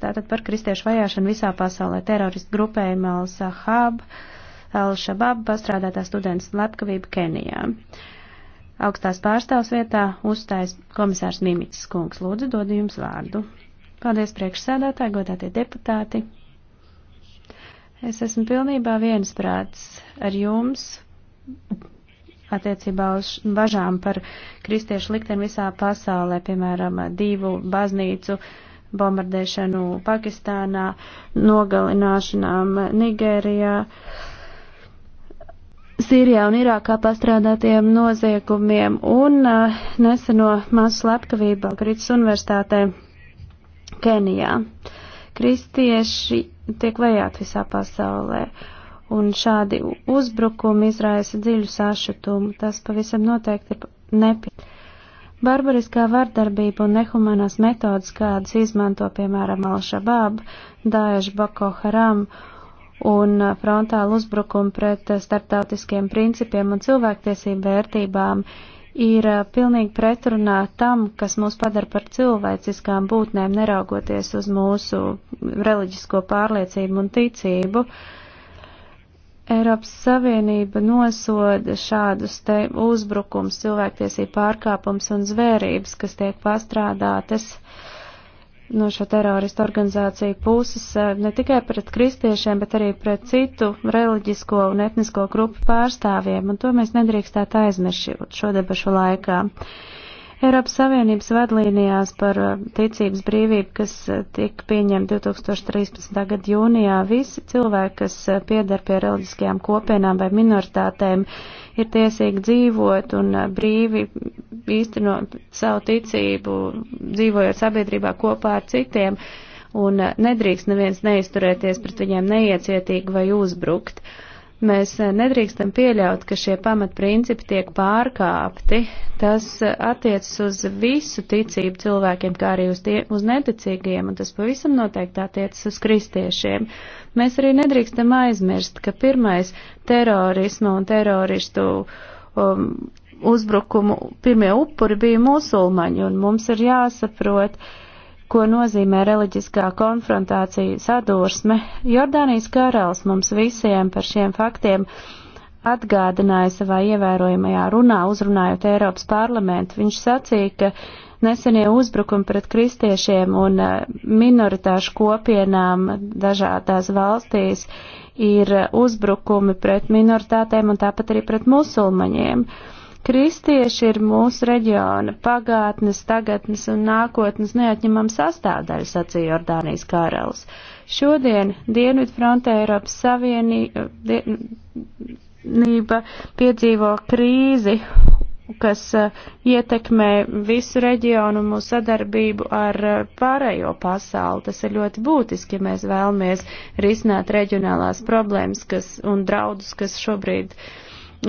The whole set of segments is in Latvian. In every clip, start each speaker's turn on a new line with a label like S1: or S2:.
S1: tātad par kristiešu vajāšanu visā pasaulē, teroristu grupējumu Al-Sahab, Al-Shabab, pastrādātā students slepkavība Kenijā. Augstās pārstāvs vietā uzstājas komisārs Mimits Kungs. Lūdzu, dodu jums vārdu. Paldies priekšsēdētāji, godātie deputāti. Es esmu pilnībā viensprāts ar jums attiecībā uz bažām par kristiešu likteni visā pasaulē, piemēram, divu baznīcu uh, bombardēšanu Pakistānā, nogalināšanām Nigērijā. Sīrijā un Irākā pastrādātiem noziegumiem un uh, neseno masu slepkavību Kritas universitātē Kenijā. Kristieši tiek vajāti visā pasaulē, un šādi uzbrukumi izraisa dziļu sašutumu. Tas pavisam noteikti ir nepieņemami. Barbariskā vardarbība un nehumanās metodas, kādas izmanto, piemēram, Al-Shabaab, Daesh, Boko Haram un uh, frontālu uzbrukumu pret uh, starptautiskiem principiem un cilvēktiesību vērtībām, ir uh, pilnīgi pretrunā tam, kas mūs padara par cilvēciskām būtnēm, neraugoties uz mūsu reliģisko pārliecību un ticību. Uh, Eiropas Savienība nosoda šādus te uzbrukums, cilvēktiesību pārkāpums un zvērības, kas tiek pastrādātas no šo teroristu organizāciju puses eh, ne tikai pret kristiešiem, bet arī pret citu reliģisko un etnisko grupu pārstāvjiem, un to mēs nedrīkstētu aizmirst šo debašu laikā. Uh, Eiropas Savienības vadlīnijās par uh, ticības brīvību, kas uh, tika pieņemta 2013. gada jūnijā, visi cilvēki, kas uh, piedar pie reliģiskajām kopienām vai minoritātēm, ir tiesīgi dzīvot un brīvi īstenot savu ticību, dzīvojot sabiedrībā kopā ar citiem, un nedrīkst neviens neizturēties pret viņiem neiecietīgi vai uzbrukt. Uh, Mēs eh, nedrīkstam pieļaut, ka šie pamatprincipi tiek pārkāpti. Tas eh, attiecas uz visu ticību cilvēkiem, kā arī uz, tie, uz neticīgiem, un tas pavisam noteikti attiecas uz kristiešiem. Mēs arī nedrīkstam aizmirst, ka pirmais terorismu un teroristu um, uzbrukumu pirmie upuri bija musulmaņi, un mums ir jāsaprot, uh, ko nozīmē reliģiskā konfrontācija sadursme. Jordānijas karalis mums visiem par šiem faktiem atgādināja savā ievērojamajā runā, uzrunājot Eiropas parlamentu. Viņš sacīja, ka nesenie uzbrukumi pret kristiešiem un eh, minoritāšu kopienām dažādās valstīs ir uzbrukumi pret minoritātēm un tāpat arī pret musulmaņiem. Uh, Kristieši ir mūsu reģiona pagātnes, tagadnes un nākotnes neatņemama sastāvdaļa, sacīja Jordānijas karalis. Šodien Dienvidfrontē Eiropas Savienība eh, piedzīvo krīzi, kas eh, ietekmē visu reģionu un mūsu sadarbību ar eh, pārējo pasauli. Tas ir ļoti būtiski, ja mēs vēlamies risināt reģionālās problēmas kas, un draudus, kas šobrīd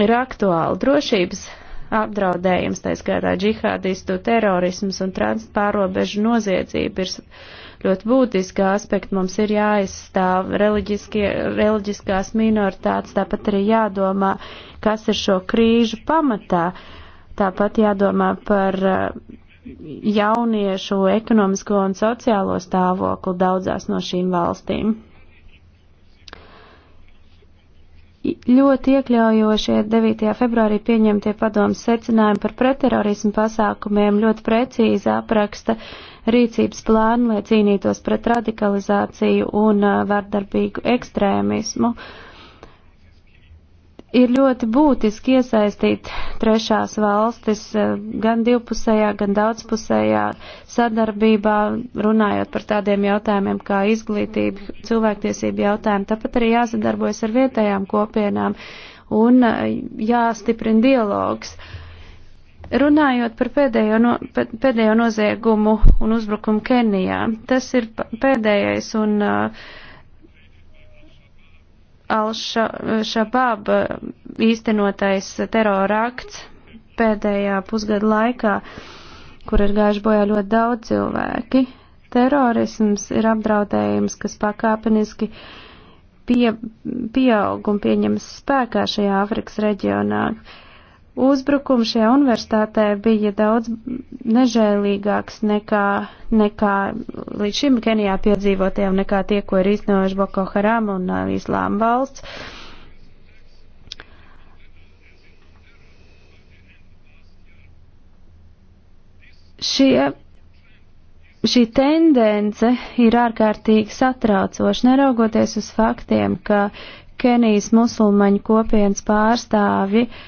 S1: ir aktuāli. Drošības apdraudējums, tā skaitā džihādistu terorisms un transpārobežu noziedzība ir ļoti būtiski aspekti. Mums ir jāaizstāv reliģiskās minoritātes, tāpat arī jādomā, kas ir šo krīžu pamatā. Tāpat jādomā par uh, jauniešu ekonomisko un sociālo stāvokli daudzās no šīm valstīm. ļoti iekļaujošie 9. februārī pieņemtie padomas secinājumi par pretterorismu pasākumiem ļoti precīzi apraksta rīcības plānu, lai cīnītos pret radikalizāciju un vardarbīgu ekstrēmismu. Uh, ir ļoti būtiski iesaistīt trešās valstis eh, gan divpusējā, gan daudzpusējā sadarbībā, runājot par tādiem jautājumiem kā izglītība, cilvēktiesība jautājumi. Tāpat arī jāsadarbojas ar vietējām kopienām un eh, jāstiprina dialogs. Runājot par pēdējo, no, pēdējo noziegumu un uzbrukumu Kenijā, tas ir pēdējais un uh, Al-Shabaab eh, īstenotais terorakts pēdējā pusgada laikā, kur ir gājuši bojā ļoti daudz cilvēki. Terorisms ir apdraudējums, kas pakāpeniski pie, pieaug un pieņemas spēkā šajā Āfrikas reģionā. Uh, Uzbrukums šajā universitātē bija daudz nežēlīgāks nekā, nekā līdz šim Kenijā piedzīvotajam, nekā tie, ko ir iznojuši Boko Haram un uh, Islāma valsts. Šie šī tendence ir ārkārtīgi satraucoša, neraugoties uz faktiem, ka Kenijas musulmaņu kopienas pārstāvi uh,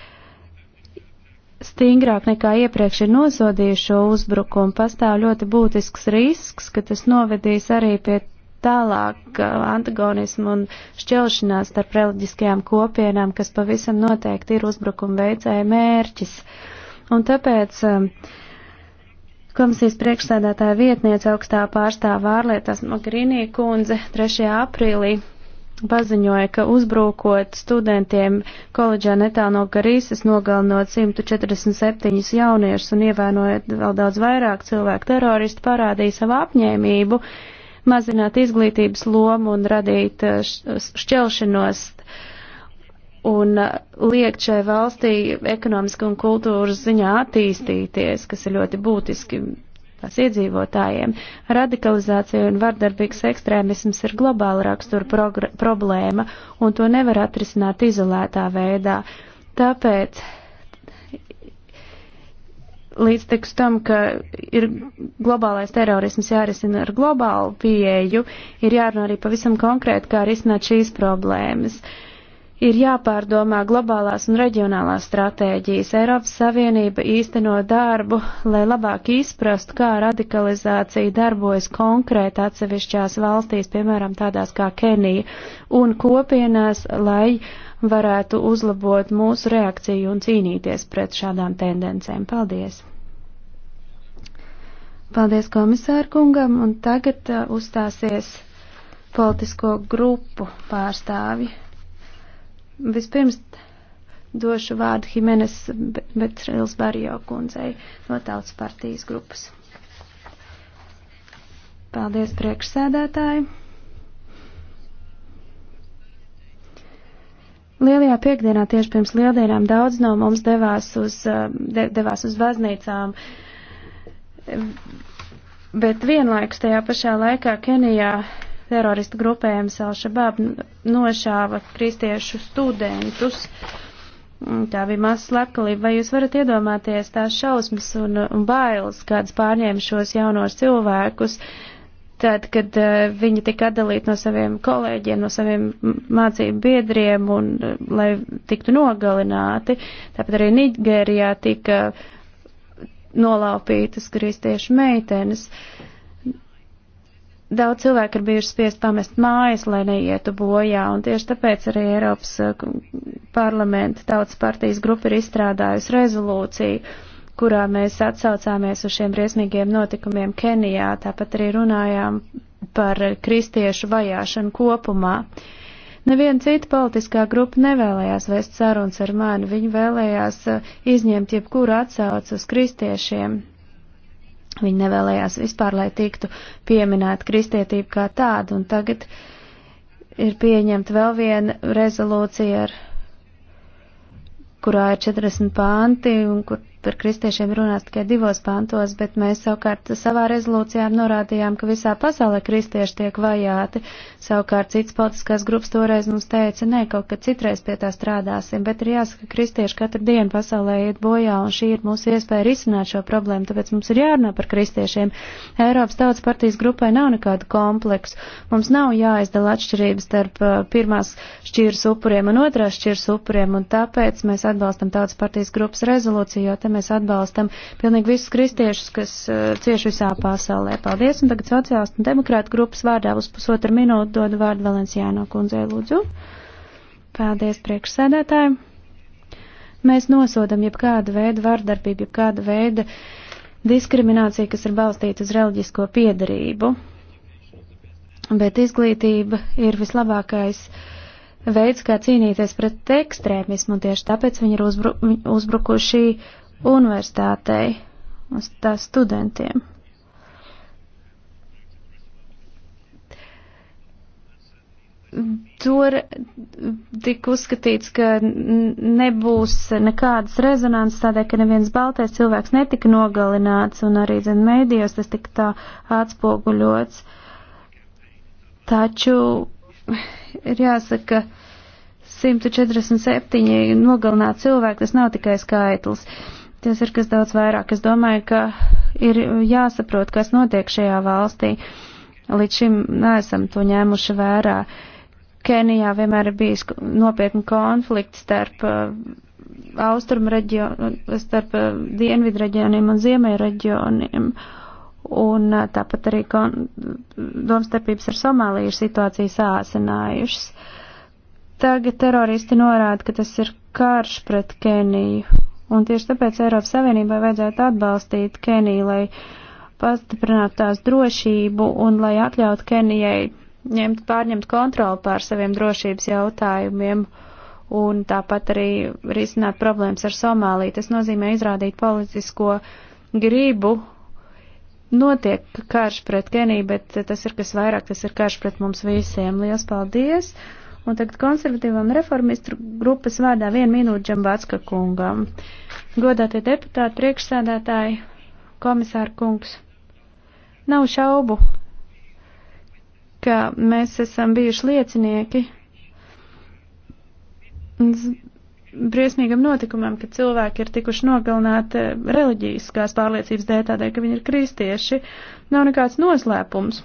S1: stingrāk nekā iepriekš ir nosodījuši šo uzbrukumu, pastāv ļoti būtisks risks, ka tas novedīs arī pie tālāk uh, antagonismu un šķelšanās starp reliģiskajām kopienām, kas pavisam noteikti ir uzbrukuma veicēja mērķis. Un tāpēc um, komisijas priekšsēdētāja vietniece augstā pārstāvā ārlietās Mogrinī kundze 3. aprīlī paziņoja, ka uzbrūkot studentiem koledžā netālu no Garīsas nogalinot 147 jauniešus un ievainojot vēl daudz vairāk cilvēku teroristu, parādīja savu apņēmību mazināt izglītības lomu un radīt eh, šķelšanos un eh, liekt šai valstī ekonomiski un kultūras ziņā attīstīties, kas ir ļoti būtiski tās iedzīvotājiem. Radikalizācija un vardarbīgs ekstrēmisms ir globāla rakstura problēma, un to nevar atrisināt izolētā veidā. Tāpēc līdztekus tam, ka ir globālais terorisms jārisina ar globālu pieeju, ir jārunā arī pavisam konkrēti, kā risināt šīs problēmas. Uh, Ir jāpārdomā globālās un reģionālās stratēģijas. Eiropas Savienība īsteno darbu, lai labāk izprastu, kā radikalizācija darbojas konkrēti atsevišķās valstīs, piemēram, tādās kā Kenija, un kopienās, lai varētu uzlabot mūsu reakciju un cīnīties pret šādām tendencēm. Paldies! Paldies komisārkungam, un tagad uh, uzstāsies politisko grupu pārstāvi. Vispirms došu vārdu Himenes Betrils Barijo kundzei no Tautas partijas grupas. Paldies priekšsēdētāji. Lielajā piekdienā tieši pirms lieldienām daudz no mums devās uz, uh, de, devās uz baznīcām, bet vienlaikus tajā pašā laikā Kenijā teroristu grupējums Alšabab nošāva kristiešu studentus. Mm, Tā bija maz slepkalība. Vai jūs varat iedomāties tās šausmas un, un bailes, kādas pārņēma šos jaunos cilvēkus, tad, kad uh, viņi tika atdalīti no saviem kolēģiem, no saviem mācību biedriem, un uh, lai tiktu nogalināti? Tāpat arī Nigērijā tika nolaupītas kristiešu meitenes. Uh, Daudz cilvēku ir bijuši spiest pamest mājas, lai neietu bojā, un tieši tāpēc arī Eiropas eh, parlamenta tautas partijas grupa ir izstrādājusi rezolūciju, kurā mēs atsaucāmies uz šiem briesmīgiem notikumiem Kenijā, tāpat arī runājām par kristiešu vajāšanu kopumā. Neviena cita politiskā grupa nevēlējās vēst sarunas ar mani, viņi vēlējās eh, izņemt jebkuru atsaucu uz kristiešiem. Viņi nevēlējās vispār, lai tiktu pieminēta kristietība kā tāda, un tagad ir pieņemta vēl viena rezolūcija, ar, kurā ir 40 panti, un kur par kristiešiem runās tikai divos pantos, bet mēs savukārt savā rezolūcijā norādījām, ka visā pasaulē kristieši tiek vajāti. Savukārt cits politiskās grupas toreiz mums teica, nē, kaut kad citreiz pie tā strādāsim, bet ir jāsaka, ka kristieši katru dienu pasaulē iet bojā, un šī ir mūsu iespēja risināt šo problēmu, tāpēc mums ir jārunā par kristiešiem. Eiropas tautas partijas grupai nav nekādu kompleksu. Mums nav jāizdala atšķirības starp uh, pirmās šķiras upuriem un otrās šķiras upuriem, un tāpēc mēs atbalstam tautas partijas grupas rezolūciju, jo te te mēs atbalstam pilnīgi visus kristiešus, kas uh, eh, cieši visā pasaulē. Paldies, un tagad sociālistu un demokrātu grupas vārdā uz pusotru minūtu dodu vārdu Valenciāno kundzei lūdzu. Paldies priekšsēdētājiem. Mēs nosodam jebkādu veidu vardarbību, jebkādu veidu diskrimināciju, kas ir balstīta uz reliģisko piedarību. Bet izglītība ir vislabākais veids, kā cīnīties pret ekstrēmismu, un tieši tāpēc viņi ir uzbru, uzbrukuši universitātei, uz tās studentiem. Tur tika uzskatīts, ka nebūs nekādas rezonances tādēļ, ka neviens baltais cilvēks netika nogalināts, un arī, zin, mēdījos tas tika tā atspoguļots. Taču ir jāsaka, 147 nogalināti cilvēki, tas nav tikai skaitlis. Uh, Tas ir kas daudz vairāk. Es domāju, ka ir jāsaprot, kas notiek šajā valstī. Līdz šim neesam to ņēmuši vērā. Kenijā vienmēr ir bijis nopietni konflikti starp uh, austrumu reģionu, starp uh, dienvidu reģioniem un ziemeļu reģioniem. Un uh, tāpat arī kon, domstarpības ar Somāliju ir situācijas āsinājušas. Tagad teroristi norāda, ka tas ir karš pret Keniju Un tieši tāpēc Eiropas Savienībai vajadzētu atbalstīt Keniju, lai pastiprinātu tās drošību un lai atļautu Kenijai ņemt, pārņemt kontroli pār saviem drošības jautājumiem un tāpat arī risināt problēmas ar Somāliju. Tas nozīmē izrādīt politisko gribu. Notiek karš pret Keniju, bet tas ir kas vairāk, tas ir karš pret mums visiem. Lielas paldies! Un tagad konservatīvam reformistu grupas vārdā vienu minūtu Džambatska kungam. Godātie deputāti, priekšsēdētāji, komisāra kungs. Nav šaubu, ka mēs esam bijuši liecinieki briesmīgam notikumam, ka cilvēki ir tikuši nogalināti reliģiskās pārliecības dēļ, tādēļ, ka viņi ir kristieši. Nav nekāds noslēpums.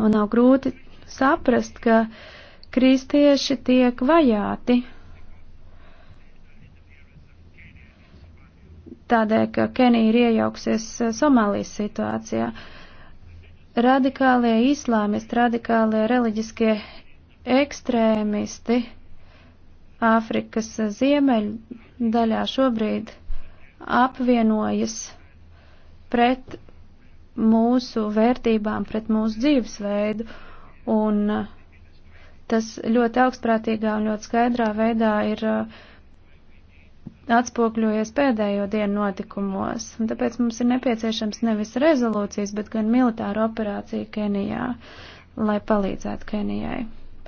S1: Un nav grūti saprast, ka uh, kristieši tiek vajāti. Tādēļ, ka Kenija ir iejauksies eh, Somālijas situācijā. Radikālie islāmisti, radikālie reliģiskie ekstrēmisti Āfrikas eh, ziemeļu daļā šobrīd apvienojas pret mūsu vērtībām, pret mūsu dzīvesveidu. Un uh, Tas ļoti augstprātīgā un ļoti skaidrā veidā ir uh, atspokļojies pēdējo dienu notikumos, un tāpēc mums ir nepieciešams nevis rezolūcijas, bet gan militāra operācija Kenijā, lai palīdzētu Kenijai.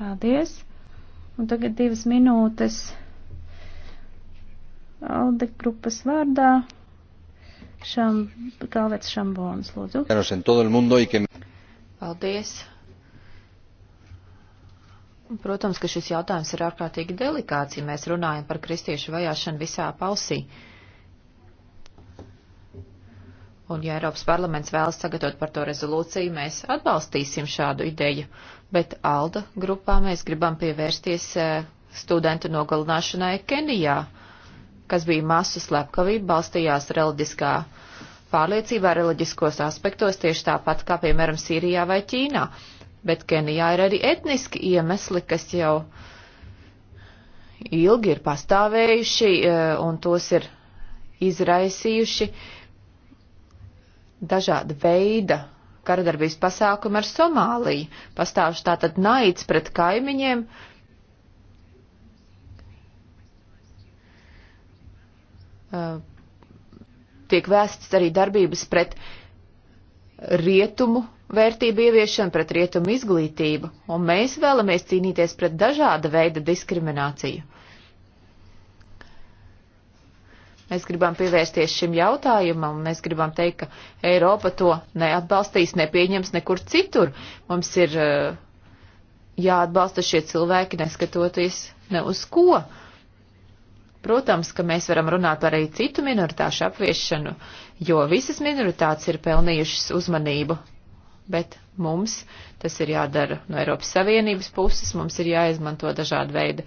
S1: Paldies! Un tagad divas minūtes Alde grupas vārdā.
S2: Šam, galvets Šambons, lūdzu. Paldies! Protams, ka šis jautājums ir ārkārtīgi delikāts, ja mēs runājam par kristiešu vajāšanu visā palsī. Un ja Eiropas parlaments vēlas sagatavot par to rezolūciju, mēs atbalstīsim šādu ideju, bet ALDA grupā mēs gribam pievērsties e, studentu nogalināšanai Kenijā, kas bija masu slepkavība, balstījās reliģiskā pārliecībā, reliģiskos aspektos, tieši tāpat kā, piemēram, Sīrijā vai Ķīnā bet Kenijā ir arī etniski iemesli, kas jau ilgi ir pastāvējuši e, un tos ir izraisījuši dažāda veida karadarbības pasākumi ar Somāliju. Pastāvši tātad naids pret kaimiņiem. E, tiek vēstas arī darbības pret rietumu vērtību ieviešanu, pret rietumu izglītību, un mēs vēlamies cīnīties pret dažāda veida diskrimināciju. Mēs gribam pievērsties šim jautājumam, un mēs gribam teikt, ka Eiropa to neatbalstīs, nepieņems nekur citur. Mums ir eh, jāatbalsta šie cilvēki, neskatoties ne uz ko. Protams, ka mēs varam runāt par arī citu minoritāšu apviešanu, jo visas minoritātes ir pelnījušas uzmanību bet mums tas ir jādara no Eiropas Savienības puses, mums ir jāizmanto dažādi veidi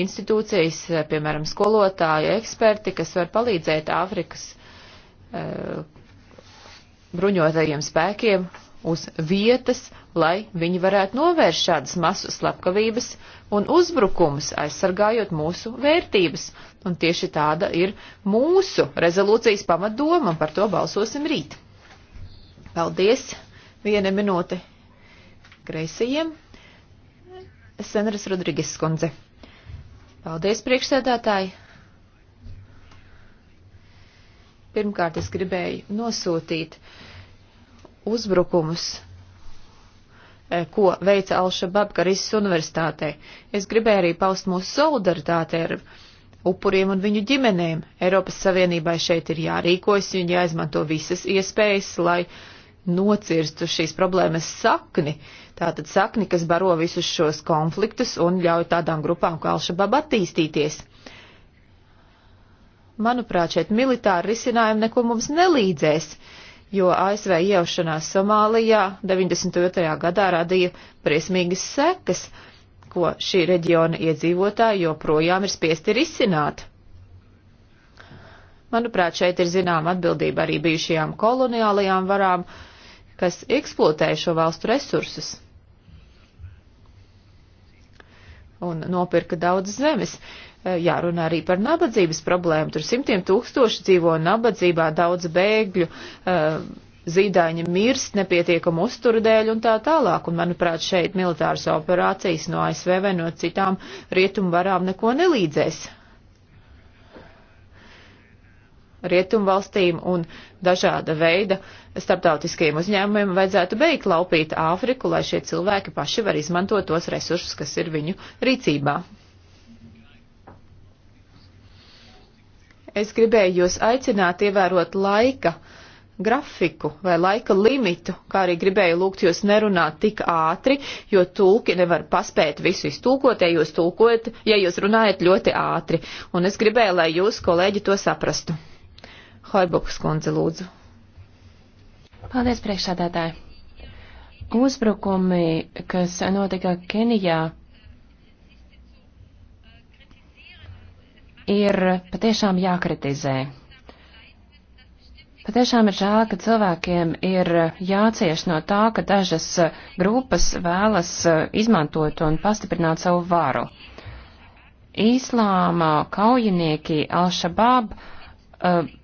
S2: institūcijas, piemēram, skolotāji, eksperti, kas var palīdzēt Āfrikas e, bruņotajiem spēkiem uz vietas, lai viņi varētu novērst šādas masu slepkavības un uzbrukumus, aizsargājot mūsu vērtības. Un tieši tāda ir mūsu rezolūcijas pamatdoma, un par to balsosim rīt. Paldies! Viena minūte kreisajiem. Senaras Rodrigas skundze. Paldies, priekšsēdētāji! Pirmkārt, es gribēju nosūtīt uzbrukumus, e, ko veica Alša Babkarisas universitātē. Es gribēju arī paust mūsu solidaritāti ar upuriem un viņu ģimenēm. Eiropas Savienībai šeit ir jārīkojas un jāizmanto visas iespējas, lai nocirstu šīs problēmas sakni, tātad sakni, kas baro visus šos konfliktus un ļauj tādām grupām kā Alšabab attīstīties. Manuprāt, šeit militāri risinājumi neko mums nelīdzēs, jo ASV iejaušanās Somālijā 92. gadā radīja briesmīgas sekas, ko šī reģiona iedzīvotāji joprojām ir spiesti risināt. Manuprāt, šeit ir zināma atbildība arī bijušajām koloniālajām varām, uh, kas eksploatē šo valstu resursus un nopirka daudz zemes. E, jārunā arī par nabadzības problēmu. Tur simtiem tūkstoši dzīvo nabadzībā, daudz bēgļu, e, zīdaiņa mirst nepietiekamu uzturu dēļ un tā tālāk. Un, manuprāt, šeit militāras operācijas no ASV vai no citām rietumvarām neko nelīdzēs rietumvalstīm un dažāda veida starptautiskiem uzņēmumiem vajadzētu beigt laupīt Āfriku, lai šie cilvēki paši var izmantot tos resursus, kas ir viņu rīcībā. Es gribēju jūs aicināt ievērot laika grafiku vai laika limitu, kā arī gribēju lūgt jūs nerunāt tik ātri, jo tulki nevar paspēt visu iztulkot, ja jūs tulkojat, ja jūs runājat ļoti ātri. Un es gribēju, lai jūs, kolēģi, to saprastu. Hoibuks kundze lūdzu.
S3: Paldies, priekšsādātāji. Uzbrukumi, kas notika Kenijā, ir patiešām jākritizē. Patiešām ir žēl, ka cilvēkiem ir jācieš no tā, ka dažas grupas vēlas izmantot un pastiprināt savu varu. Īslāma kaujinieki Al-Shabaab uh, eh,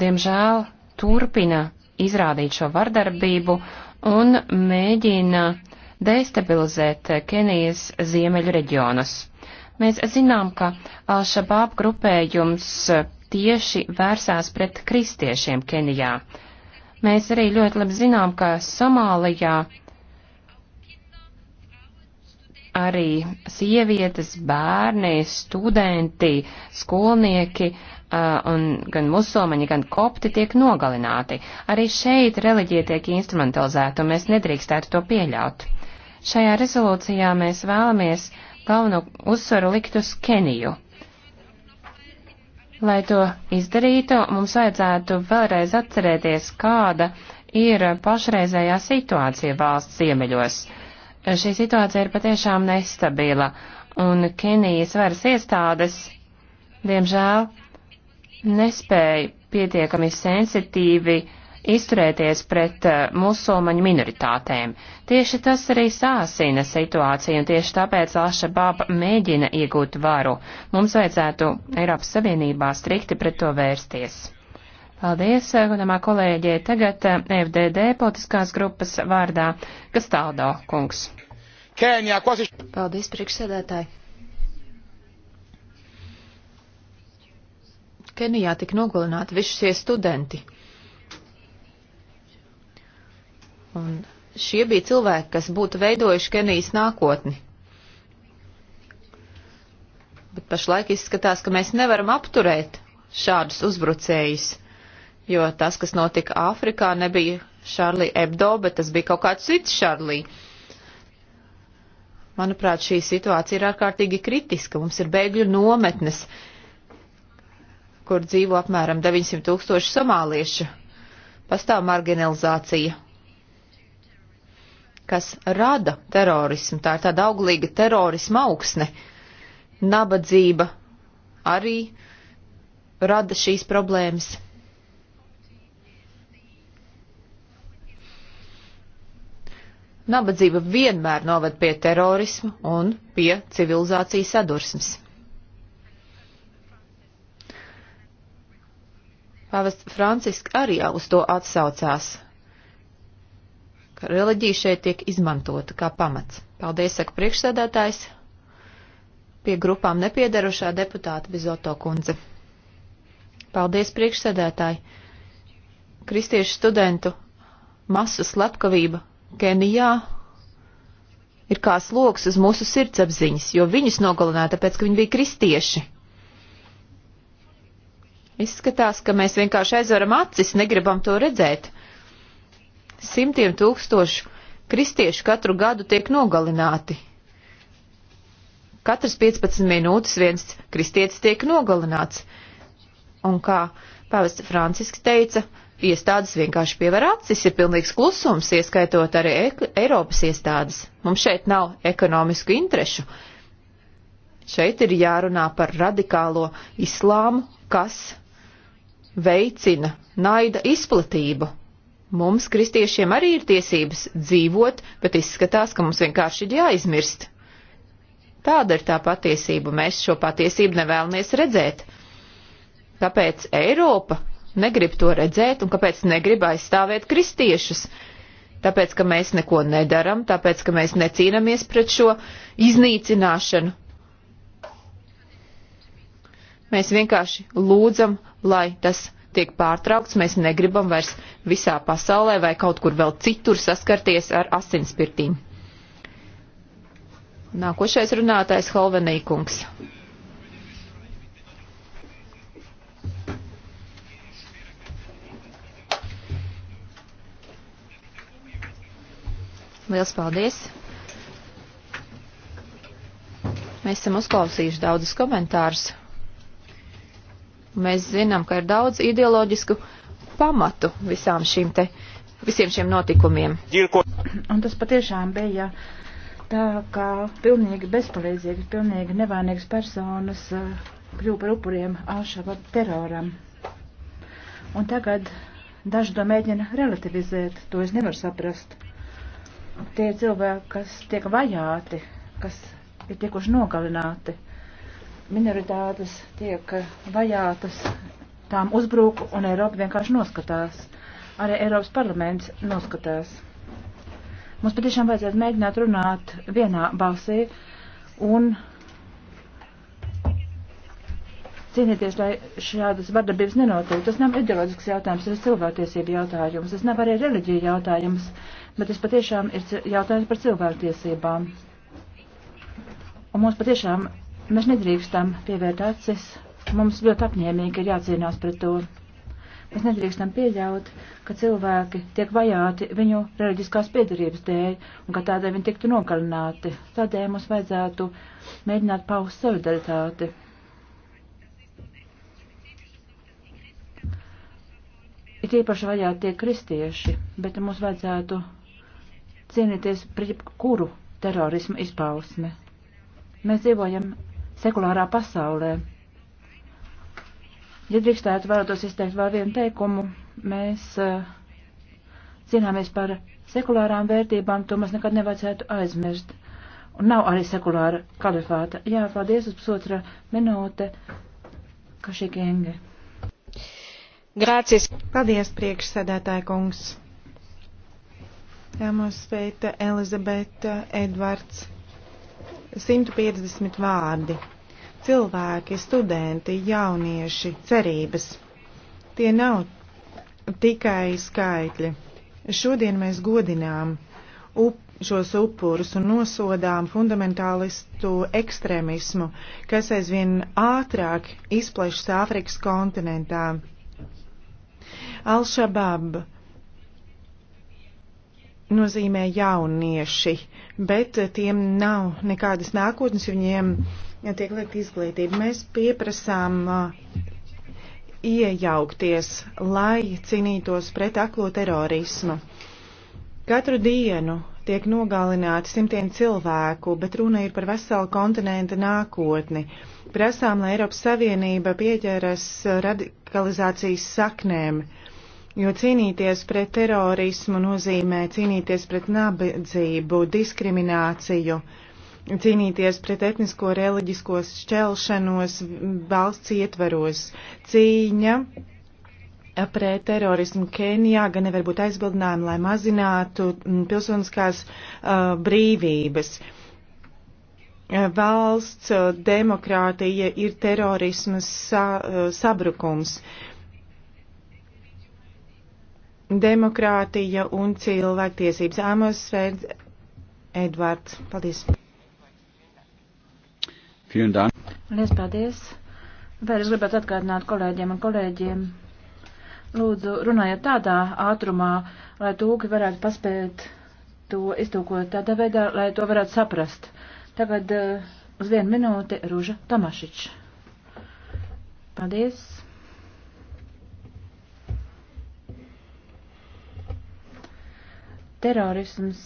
S3: diemžēl turpina izrādīt šo vardarbību un mēģina destabilizēt Kenijas ziemeļu reģionus. Mēs zinām, ka Al-Shabaab grupējums tieši vērsās pret kristiešiem Kenijā. Mēs arī ļoti labi zinām, ka Somālijā arī sievietes, bērni, studenti, skolnieki uh, Eh, un gan musulmaņi, gan kopti tiek nogalināti. Arī šeit reliģija tiek instrumentalizēta, un mēs nedrīkstētu to pieļaut. Šajā rezolūcijā mēs vēlamies galveno uzsvaru likt uz Keniju. Lai to izdarītu, mums vajadzētu vēlreiz atcerēties, kāda ir pašreizējā situācija valsts ziemeļos. Šī situācija ir patiešām nestabila, un Kenijas varas iestādes, diemžēl, nespēja pietiekami sensitīvi izturēties pret eh, musulmaņu minoritātēm. Tieši tas arī sāsina situāciju, un tieši tāpēc Alša Baba mēģina iegūt varu. Mums vajadzētu Eiropas Savienībā strikti pret to vērsties. Paldies, eh, godamā kolēģie. Tagad eh, FDD politiskās grupas vārdā Kastaldo kungs.
S2: Kēņā, ko... Paldies, priekšsēdētāji. Kenijā tika nogalināti visi šie studenti. Un šie bija cilvēki, kas būtu veidojuši Kenijas nākotni. Bet pašlaik izskatās, ka mēs nevaram apturēt šādus uzbrucējus, jo tas, kas notika Āfrikā, nebija Šarlī Ebdo, bet tas bija kaut kāds cits Šarlī. Manuprāt, šī situācija ir ārkārtīgi kritiska. Mums ir bēgļu nometnes, uh, kur dzīvo apmēram 900 tūkstoši somāliešu. Pastāv marginalizācija, kas rada terorismu. Tā ir tāda auglīga terorisma augsne. Nabadzība arī rada šīs problēmas. Nabadzība vienmēr noved pie terorismu un pie civilizācijas sadursmes. Pāvests Francisks arī uz to atsaucās, ka reliģija šeit tiek izmantota kā pamats. Paldies, saka priekšsēdētājs. Pie grupām nepiedarušā deputāta Bizoto kundze. Paldies, priekšsēdētāji. Kristiešu studentu masu slepkavība Kenijā ir kā sloks uz mūsu sirdsapziņas, jo viņus nogalināja tāpēc, ka viņi bija kristieši. Izskatās, ka mēs vienkārši aizveram acis, negribam to redzēt. Simtiem tūkstošu kristiešu katru gadu tiek nogalināti. Katras 15 minūtes viens kristietis tiek nogalināts. Un kā pavesta Francisks teica, iestādes vienkārši piever acis, ir pilnīgs klusums, ieskaitot arī e Eiropas iestādes. Mums šeit nav ekonomisku interešu. Šeit ir jārunā par radikālo islāmu, kas veicina naida izplatību. Mums, kristiešiem, arī ir tiesības dzīvot, bet izskatās, ka mums vienkārši ir jāizmirst. Tāda ir tā patiesība, mēs šo patiesību nevēlamies redzēt. Kāpēc Eiropa negrib to redzēt un kāpēc negrib aizstāvēt kristiešus? Tāpēc, ka mēs neko nedaram, tāpēc, ka mēs necīnamies pret šo iznīcināšanu, Mēs vienkārši lūdzam, lai tas tiek pārtraukts. Mēs negribam vairs visā pasaulē vai kaut kur vēl citur saskarties ar asinspirtīm. Nākošais runātājs Holvenīkungs. Liels paldies! Mēs esam uzklausījuši daudzus komentārus Mēs zinām, ka ir daudz ideoloģisku pamatu visām šīm te, visiem šiem notikumiem. Un tas patiešām bija
S4: tā, kā pilnīgi bezpalīdzīgi, pilnīgi nevainīgas personas eh, kļūpa par upuriem Alšava teroram. Un tagad daži to mēģina relativizēt, to es nevaru saprast. Tie cilvēki, kas tiek vajāti, kas ir tikuši nogalināti minoritātes tiek vajātas, tām uzbrūk un Eiropa vienkārši noskatās. Arī Eiropas parlaments noskatās. Mums patiešām vajadzētu mēģināt runāt vienā balsī un cīnīties, lai šādas vardarbības nenotiek. Tas nav ideoloģisks jautājums, tas ir cilvēktiesība jautājums, tas nav arī reliģija jautājums, bet tas patiešām ir jautājums par cilvēktiesībām. Un mums patiešām Mēs nedrīkstam pievērt acis. Mums ļoti apņēmīgi ir jācīnās pret to. Mēs nedrīkstam pieļaut, ka cilvēki tiek vajāti viņu reliģiskās piedarības dēļ un ka tādēļ viņi tiktu nogalināti. Tādēļ mums vajadzētu mēģināt paust solidaritāti. Ir īpaši vajāti tie kristieši, bet mums vajadzētu cīnīties pret jebkuru terorismu izpausmi. Mēs dzīvojam sekulārā pasaulē. Ja drīkstētu vēlētos izteikt vēl vienu teikumu, mēs eh, cīnāmies par sekulārām vērtībām, to mums nekad nevajadzētu aizmirst. Un nav arī sekulāra kalifāta. Jā, paldies uz pusotra minūte,
S5: ka šī genge. Grācis. Paldies, priekšsēdētāja kungs. Jā, mums sveita Elizabeta Edvards. 150 vārdi. Cilvēki, studenti, jaunieši, cerības. Tie nav tikai skaitļi. Šodien mēs godinām up, šos upurus un nosodām fundamentālistu ekstremismu, kas aizvien ātrāk izplešas Āfrikas kontinentā. Al-Shabaab nozīmē jaunieši, bet tiem nav nekādas nākotnes, jo viņiem tiek liekt izglītība. Mēs pieprasām uh, iejaukties, lai cīnītos pret aklo terorismu. Katru dienu tiek nogalināti simtiem cilvēku, bet runa ir par veselu kontinenta nākotni. Prasām, lai Eiropas Savienība pieķeras radikalizācijas saknēm. Uh, Jo cīnīties pret terorismu nozīmē cīnīties pret nabadzību, diskrimināciju, cīnīties pret etnisko reliģisko šķelšanos valsts ietveros. Cīņa pret terorismu Kenijā gan nevar būt aizbildinājumi, lai mazinātu pilsoniskās uh, brīvības. Valsts demokrātija ir terorismas sa, uh, sabrukums. Uh, demokrātija un cilvēktiesības. Amos Svērds, Edvards, paldies.
S6: Lies
S5: paldies.
S4: Vēl es gribētu atgādināt kolēģiem un kolēģiem. Lūdzu, runājiet tādā ātrumā, lai tūki varētu paspēt to iztūkot tādā veidā, lai to varētu saprast. Tagad uh, uz vienu minūti Rūža Tamašič. Paldies. Terorisms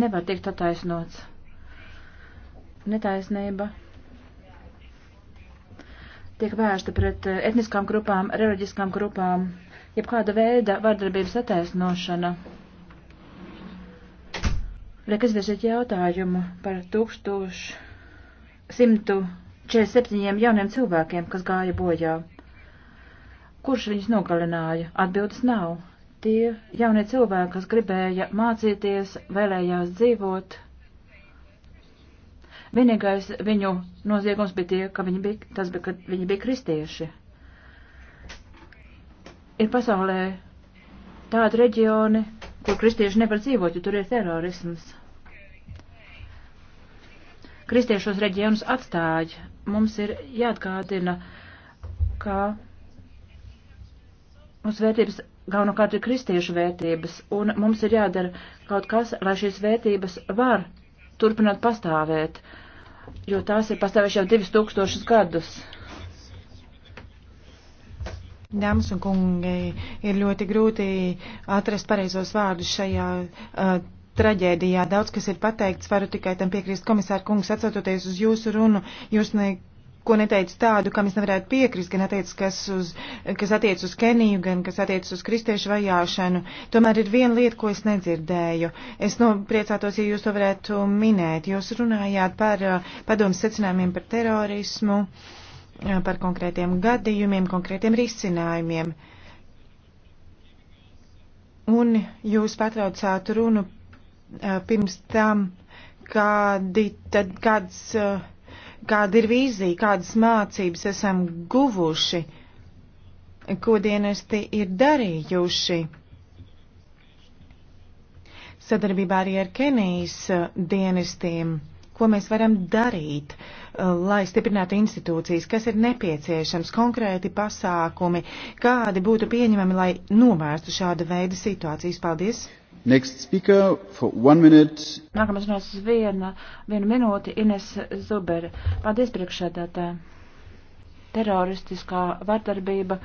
S4: nevar tikt attaisnots. Netaisnība tiek vērsta pret eh, etniskām grupām, reliģiskām grupām, jebkāda veida vardarbības attaisnošana. Liek izvirzīt jautājumu par 1147 jauniem cilvēkiem, kas gāja bojā. Kurš viņus nogalināja? Atbildes nav tie jaunie cilvēki, kas gribēja mācīties, vēlējās dzīvot. Vienīgais viņu noziegums bija tie, ka viņi bija, tas bija, ka viņi bija kristieši. Ir pasaulē tādi reģioni, kur kristieši nevar dzīvot, jo tur ir terorisms. Kristiešos reģionus atstāja. Mums ir jāatgādina, ka mūsu vērtības galvenokārt ir kristiešu vērtības, un mums ir jādara kaut kas, lai šīs vērtības var turpināt pastāvēt, jo tās ir pastāvējušas jau
S5: 2000 gadus. Dāmas un kungi, ir ļoti grūti atrast pareizos vārdus šajā uh, traģēdijā. Daudz, kas ir pateikts, varu tikai tam piekrist komisāru kungs, atsaucoties uz jūsu runu. Jūs ne ko neteicu tādu, kam es nevarētu piekrist, gan attiec, kas, uz, kas attiec uz Keniju, gan kas attiec uz kristiešu vajāšanu. Tomēr ir viena lieta, ko es nedzirdēju. Es nu, priecātos, ja jūs to varētu minēt. Jūs runājāt par uh, padomu secinājumiem par terorismu, uh, par konkrētiem gadījumiem, konkrētiem risinājumiem. Un jūs patraucāt runu uh, pirms tam, kādi tad, kāds. Uh, kāda ir vīzija, kādas mācības esam guvuši, ko dienesti ir darījuši. Sadarbībā arī ar Kenijas uh, dienestiem, ko mēs varam darīt, uh, lai stiprinātu institūcijas, kas ir nepieciešams, konkrēti pasākumi, kādi būtu pieņemami, lai novērstu šāda veida situācijas. Paldies!
S6: Nākamais runās
S4: uz viena, vienu minūti Ines Zubere. Paldies priekšsēdētē. Teroristiskā vardarbība,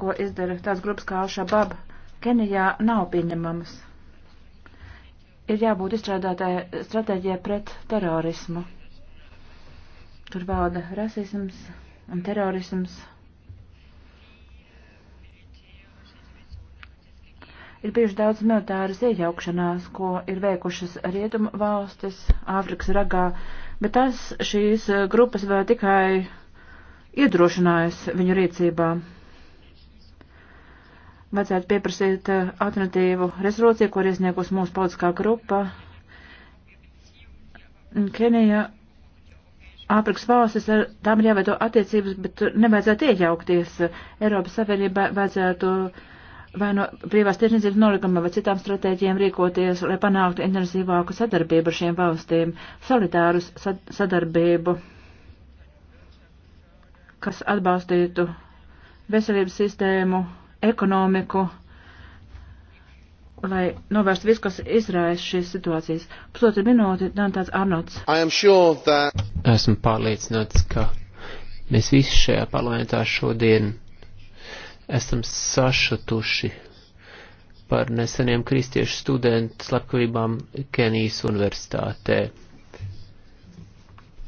S4: ko izdara tās grupas kā Al-Shabaab, Kenijā nav pieņemamas. Ir jābūt izstrādātāja stratēģija pret terorismu. Tur valda rasisms un terorisms. Ir bijuši daudz militāras iejaukšanās, ko ir veikušas rietumu valstis Āfrikas ragā, bet tas šīs grupas vēl tikai iedrošinājis viņu rīcībā. Vajadzētu pieprasīt eh, alternatīvu rezolūciju, kur iesniegus mūsu politiskā grupa. Kenija Āfrikas valstis, tām ir jāveido attiecības, bet nevajadzētu iejaukties. Eiropas Savienībā vajadzētu vai no brīvās tirsniecības nolikuma vai citām stratēģiem rīkoties, lai panāktu intensīvāku sadarbību ar šiem valstīm, solidārus sad sadarbību, kas atbalstītu veselības sistēmu, ekonomiku, lai novērstu visu, kas izraisa šīs situācijas. Pusotru minūti, Dantāts Arnots.
S1: Sure that...
S7: Esmu pārliecināts, ka mēs visi šajā parlamentā šodien esam sašutuši par neseniem kristiešu studentu slepkavībām Kenijas universitātē.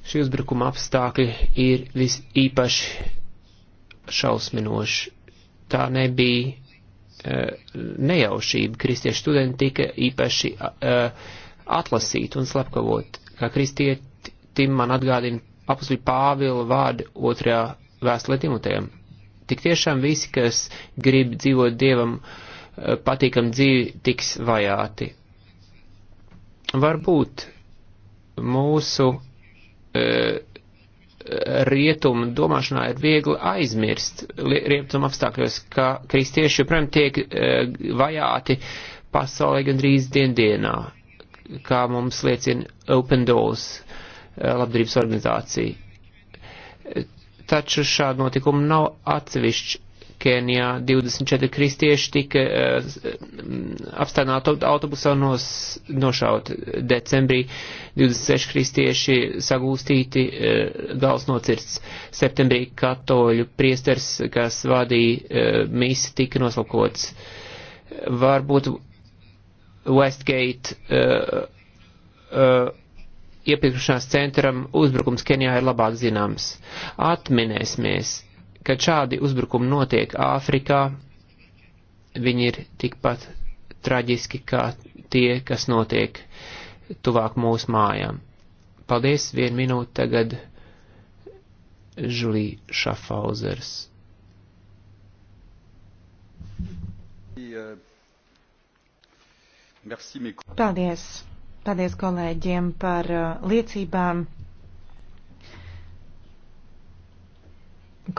S7: Šī uzbrukuma apstākļi ir visīpaši šausminoši. Tā nebija e, nejaušība. Kristiešu studenti tika īpaši e, atlasīti un slepkavot. Kā kristietim man atgādina apusļu Pāvila vārdu otrajā vēstulē Timotejam Tik tiešām visi, kas grib dzīvot Dievam eh, patīkam dzīvi, tiks vajāti. Varbūt mūsu e, eh, rietumu domāšanā ir viegli aizmirst rietumu apstākļos, ka kristieši joprojām tiek e, vajāti pasaulē gandrīz diendienā, kā mums liecina Open Doors labdarības organizācija taču šādu notikumu nav atsevišķi. Kenijā 24 kristieši tika uh, apstādināti autobusā nos, nošauti decembrī, 26 kristieši sagūstīti uh, gals nocirsts. Septembrī katoļu priesters, kas vadīja uh, misi, tika noslokots. Varbūt Westgate uh, uh, iepirkšanās centram uzbrukums Kenijā ir labāk zināms. Atminēsimies, ka šādi uzbrukumi notiek Āfrikā, viņi ir tikpat traģiski kā tie, kas notiek tuvāk mūsu mājām. Paldies, vienu minūti tagad Žulī Šafauzers.
S6: Paldies.
S5: Paldies kolēģiem par uh, liecībām.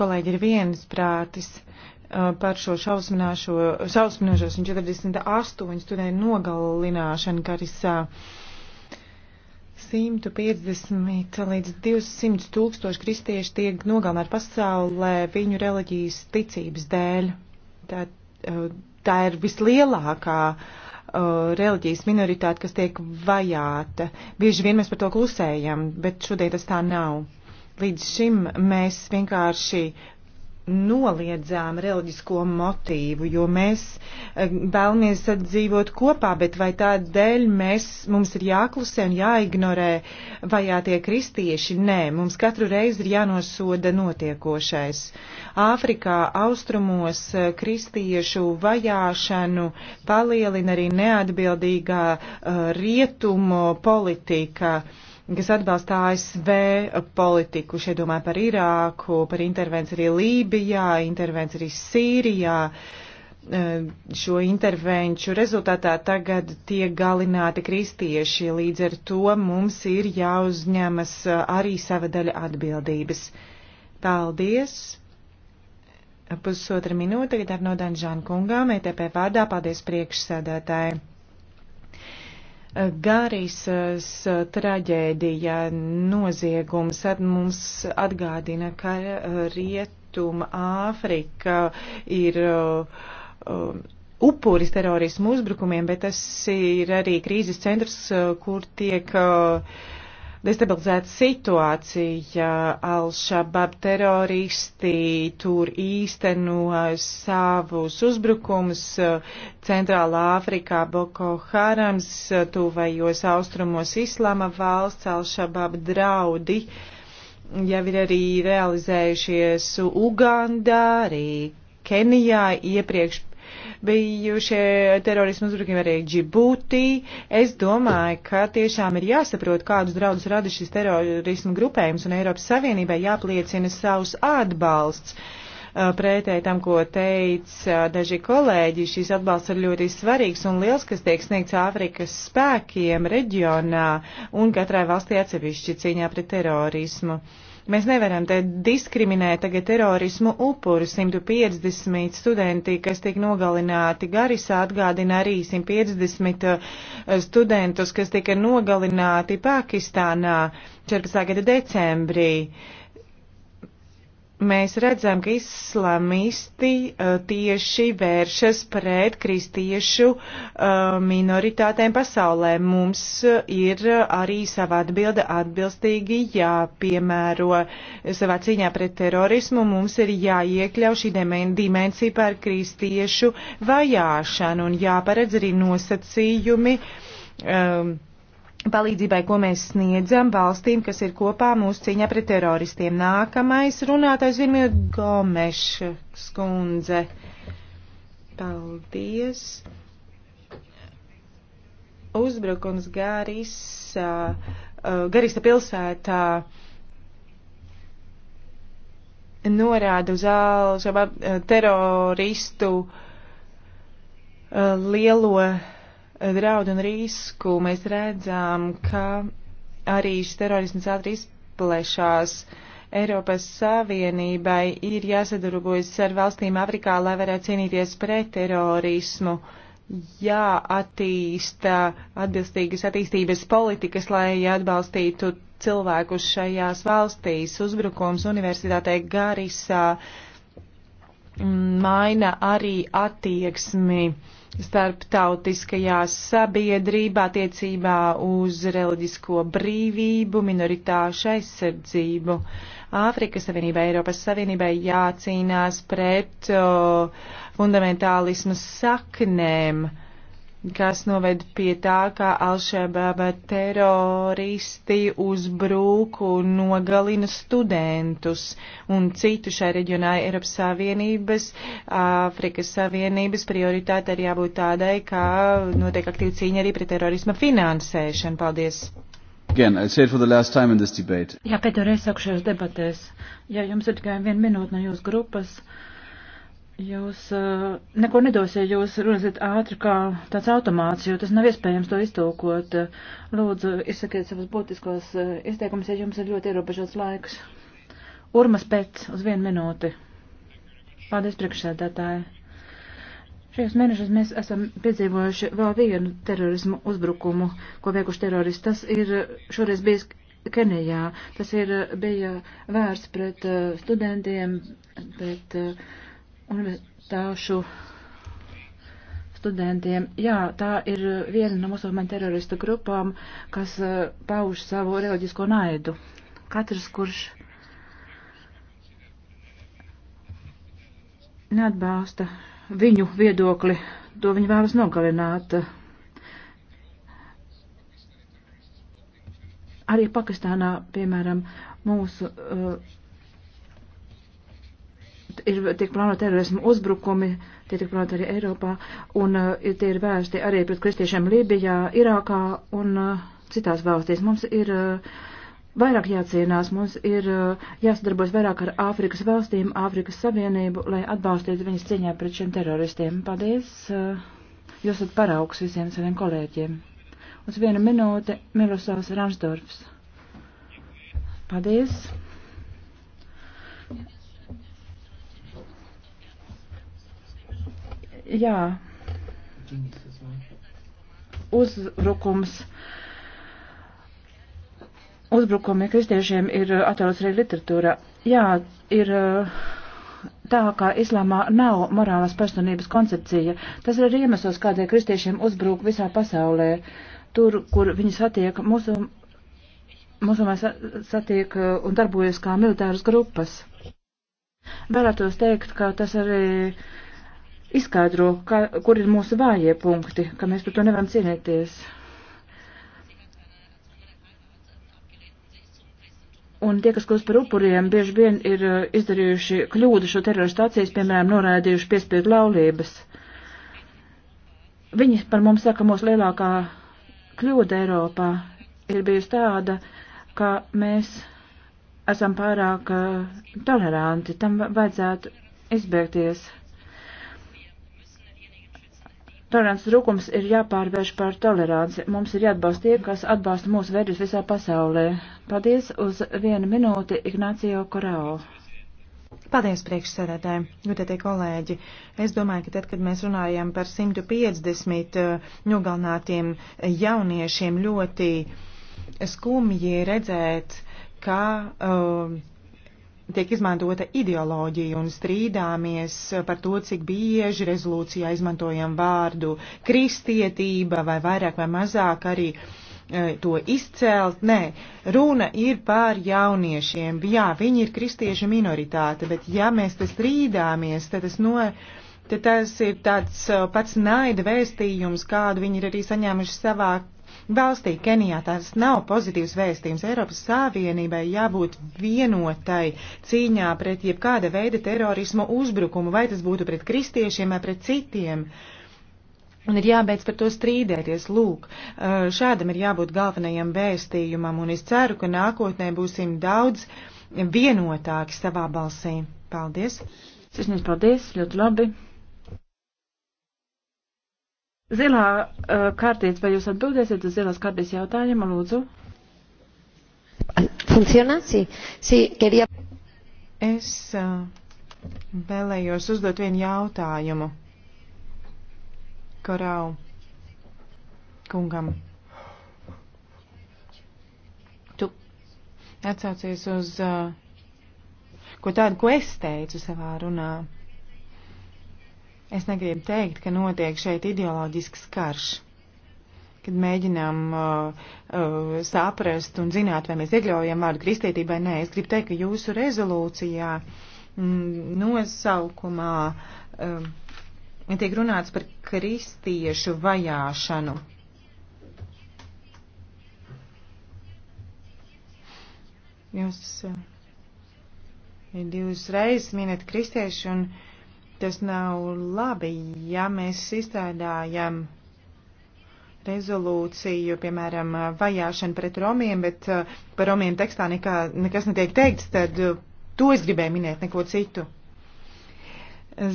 S5: Kolēģi ir viensprātis uh, par šo šausminošos un 48 studēju nogalināšanu, kā arī 150 līdz 200 tūkstoši kristieši tiek nogalināti pasaulē viņu reliģijas ticības dēļ. Tā, uh, tā ir vislielākā uh, uh, reliģijas minoritāti, kas tiek vajāta. Bieži vien mēs par to klusējam, bet šodien tas tā nav. Līdz šim mēs vienkārši noliedzām reliģisko motīvu, jo mēs eh, vēlamies dzīvot kopā, bet vai tādēļ mēs, mums ir jāklusē un jāignorē vajā tie kristieši? Nē, mums katru reizi ir jānosoda notiekošais. Āfrikā, austrumos eh, kristiešu vajāšanu palielina arī neatbildīgā uh, eh, rietumu politika. Uh, kas atbalsta ASV politiku. Šeit domāju par Irāku, par intervenciju arī Lībijā, intervenciju arī Sīrijā. Eh, šo intervenciju rezultātā tagad tiek galināti kristieši, līdz ar to mums ir jāuzņemas eh, arī sava daļa atbildības. Paldies! Pusotra minūte, tagad ar nodaņu Žānu kungām, ETP vārdā, paldies priekšsēdētāji! Gārijas eh, traģēdija noziegums at mums atgādina, ka eh, Rietuma Āfrika ir eh, upuris terorismu uzbrukumiem, bet tas ir arī krīzes centrs, kur tiek uh, destabilizēta situācija. Al-Shabaab teroristi tur īsteno savus uzbrukumus Centrālā Āfrikā, Boko Harams, tuvajos austrumos Islama valsts, Al-Shabaab draudi. Jau ir arī realizējušies Ugandā, arī Kenijā iepriekš bijušie terorismu uzbrukumi arī Džibūtī. Es domāju, ka tiešām ir jāsaprot, kādus draudus rada šis terorismu grupējums, un Eiropas Savienībai jāpliecina savus atbalsts. Uh, pretēji tam, ko teica daži kolēģi, šīs atbalsts ir ļoti svarīgs un liels, kas tiek sniegts Āfrikas spēkiem reģionā un katrai valstī atsevišķi cīņā pret terorismu. Uh, Mēs nevaram te diskriminēt tagad terorismu upuru. 150 studenti, kas tika nogalināti Garisā, atgādina arī 150 eh, studentus, kas tika nogalināti Pakistānā 14. gada decembrī. Uh, mēs redzam, ka islamisti uh, tieši vēršas pret kristiešu uh, minoritātēm pasaulē. Mums uh, ir uh, arī sava atbilde atbilstīgi jāpiemēro savā cīņā pret terorismu. Mums ir jāiekļau šī dimensija par kristiešu vajāšanu un jāparedz arī nosacījumi. Um, palīdzībai, ko mēs sniedzam valstīm, kas ir kopā mūsu cīņā pret teroristiem. Nākamais runātājs vienmēr Gomeša skundze. Paldies. Uzbrukums Garisa, uh, Garisa pilsētā norāda uz Alžabā uh, teroristu uh, lielo draudu un risku, mēs redzam, ka arī šis terorisms ātri izplešās. Eiropas Savienībai ir jāsadarbojas ar valstīm Afrikā, lai varētu cīnīties pret terorismu, jāattīsta atbilstīgas attīstības politikas, lai atbalstītu cilvēkus šajās valstīs. Uzbrukums universitātei Garisā maina arī attieksmi starptautiskajā sabiedrībā attiecībā uz reliģisko brīvību, minoritāšu aizsardzību. Āfrikas Savienībai, Eiropas Savienībai jācīnās pret o, fundamentālismu saknēm. Uh, kas noved pie tā, ka Alšēbāba teroristi uzbrūk un nogalina studentus un citu šai reģionā Eiropas Savienības, Afrikas Savienības prioritāte arī jābūt tādai, ka notiek aktīva cīņa arī pret terorisma finansēšanu. Paldies!
S6: Again, I say it for the last time in this debate.
S5: Jā, pēdējo reizi saku šajās debatēs. Ja
S4: jums ir tikai viena minūte no jūsu grupas, uh, Jūs eh, neko nedosiet, jūs runāsiet ātri kā tāds automāts, jo tas nav iespējams to iztūkot. Lūdzu, izsakiet savus būtiskos eh, izteikumus, ja jums ir ļoti ierobežots laiks. Urmas pēc uz vienu minūti. Paldies priekšsēdētāji. Šajos mēnešos mēs esam piedzīvojuši vēl vienu terorismu uzbrukumu, ko veikuši teroristi. Tas ir šoreiz bijis Kenijā. Tas ir, bija vērsts pret uh, studentiem, pret uh, universitāšu studentiem. Jā, tā ir viena no musulmaņu teroristu grupām, kas uh, pauž savu reliģisko naidu. Katrs, kurš neatbalsta viņu viedokli, to viņi vēlas nogalināt. Arī Pakistānā, piemēram, mūsu uh, ir tiek plānot terorismu uzbrukumi, tie tiek plānot arī Eiropā, un uh, tie ir vērsti arī pret kristiešiem Lībijā, Irākā un uh, citās valstīs. Mums ir uh, vairāk jācīnās, mums ir uh, jāsadarbojas vairāk ar Āfrikas valstīm, Āfrikas Savienību, lai atbalstītu viņas cīņā pret šiem teroristiem. Paldies! Uh, jūs esat paraugs visiem saviem kolēģiem. Uz vienu minūti Miloslavs Ransdorfs. Paldies! Jā. Uzbrukums. Uzbrukumi kristiešiem ir attēlots arī literatūra. Jā, ir eh, tā, ka islāmā nav morālās personības koncepcija. Tas ir arī iemesls, kādēļ kristiešiem uzbruk visā pasaulē. Tur, kur viņi satiek mūsu, mūsu satiek eh, un darbojas kā militāras grupas. Vēlētos teikt, ka tas arī izskaidro, ka, kur ir mūsu vājie punkti, ka mēs par to nevaram cienīties. Un tie, kas kļūst par upuriem, bieži vien ir uh, izdarījuši kļūdu šo teroristu stācijas, piemēram, norādījuši piespiedu laulības. Viņi par mums saka, mūsu lielākā kļūda Eiropā ir bijusi tāda, ka mēs esam pārāk uh, toleranti. Tam vajadzētu izbēgties tolerants trūkums ir jāpārvērš par toleranci. Mums ir jāatbalsta tie, kas atbalsta mūsu vērtības visā pasaulē. Paldies uz vienu minūti Ignācijo Korao.
S5: Paldies, priekšsēdētāji, gudētie kolēģi. Es domāju, ka tad, kad mēs runājam par 150 eh, nogalnātiem jauniešiem, ļoti skumji redzēt, ka uh, tiek izmantota ideoloģija un strīdāmies par to, cik bieži rezolūcijā izmantojam vārdu kristietība vai vairāk vai mazāk arī e, to izcelt. Nē, runa ir par jauniešiem. Jā, viņi ir kristiešu minoritāte, bet ja mēs te strīdāmies, tad tas no. Tad tas ir tāds e, pats naida vēstījums, kādu viņi ir arī saņēmuši savā Valstī Kenijā tas nav pozitīvs vēstījums. Eiropas Savienībai jābūt vienotai cīņā pret jebkāda veida terorismu uzbrukumu, vai tas būtu pret kristiešiem vai pret citiem. Un ir jābeidz par to strīdēties. Lūk, eh, šādam ir jābūt galvenajam vēstījumam, un es ceru, ka nākotnē būsim daudz vienotāki savā balsī. Paldies! Sirsnīgs paldies! Ļoti labi!
S4: Zilā uh, kārtīts, vai jūs atbildēsiet uz zilās kārtīs jautājumu, lūdzu?
S5: Funciona? Sí, sí, quería... Es uh, vēlējos uzdot vienu jautājumu. Korau kungam. Tu atsaucies uz uh, ko tādu, ko es teicu savā runā. Es negribu teikt, ka notiek šeit ideoloģisks karš, kad mēģinām uh, uh, saprast un zināt, vai mēs iekļaujam vārdu kristietībai. Nē, es gribu teikt, ka jūsu rezolūcijā mm, nosaukumā uh, tiek runāts par kristiešu vajāšanu. Jūs uh, divas reizes minat kristiešu un. Uh, Tas nav labi, ja mēs izstrādājam rezolūciju, piemēram, vajāšana pret romiem, bet uh, par romiem tekstā nekā, nekas netiek teikts, tad uh, to es gribēju minēt, neko citu.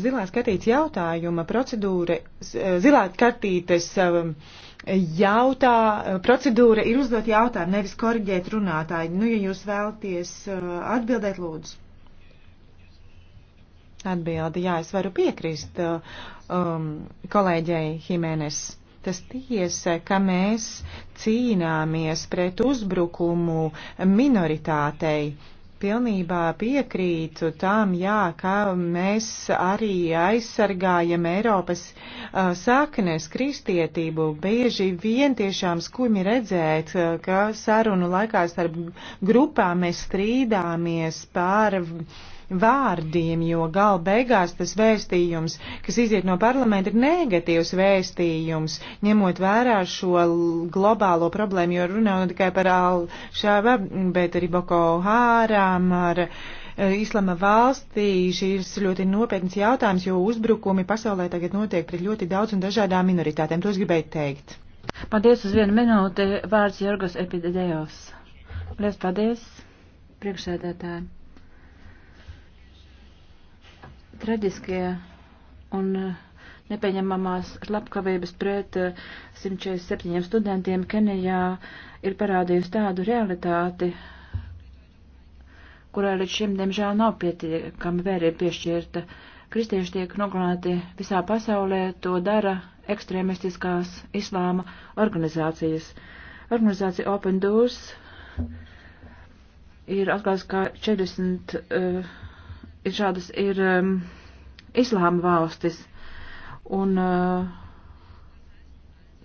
S5: Zilā skatīts jautājuma procedūra, uh, zilā skatītas um, jautā, procedūra ir uzdot jautājumu, nevis korģēt runātāju. Nu, ja jūs vēlties atbildēt, lūdzu. Atbildi, jā, es varu piekrist uh, um, kolēģei Himēnes. Tas tiesa, ka mēs cīnāmies pret uzbrukumu minoritātei. Pilnībā piekrītu tam, jā, ka mēs arī aizsargājam Eiropas uh, saknes kristietību. Bieži vien tiešām skumji redzēt, uh, ka sarunu laikā starp grupām mēs strīdāmies par. Uh, vārdiem, jo gal beigās tas vēstījums, kas iziet no parlamenta, ir negatīvs vēstījums, ņemot vērā šo globālo problēmu, jo runā ne tikai par Al-Shaba, bet arī Boko Hāram, ar e, Islama valstī. Šis ir ļoti nopietns jautājums, jo uzbrukumi pasaulē tagad notiek pret ļoti daudz un dažādām minoritātēm. To es gribēju teikt.
S4: Paldies uz vienu minūti. Vārds Jorgos Epidedejos. Liels paldies, priekšsēdētāji traģiskie un eh, nepieņemamās slepkavības pret 147 eh, studentiem Kenijā ir parādījusi tādu realitāti, kurai līdz šim, diemžēl, nav pietiekami vērība piešķirta. Kristieši tiek nogalināti visā pasaulē, to dara ekstrēmistiskās islāma organizācijas. Organizācija Open Doors ir atklājusi, ka 40. Uh, eh, šādas ir um, islāma valstis, un uh,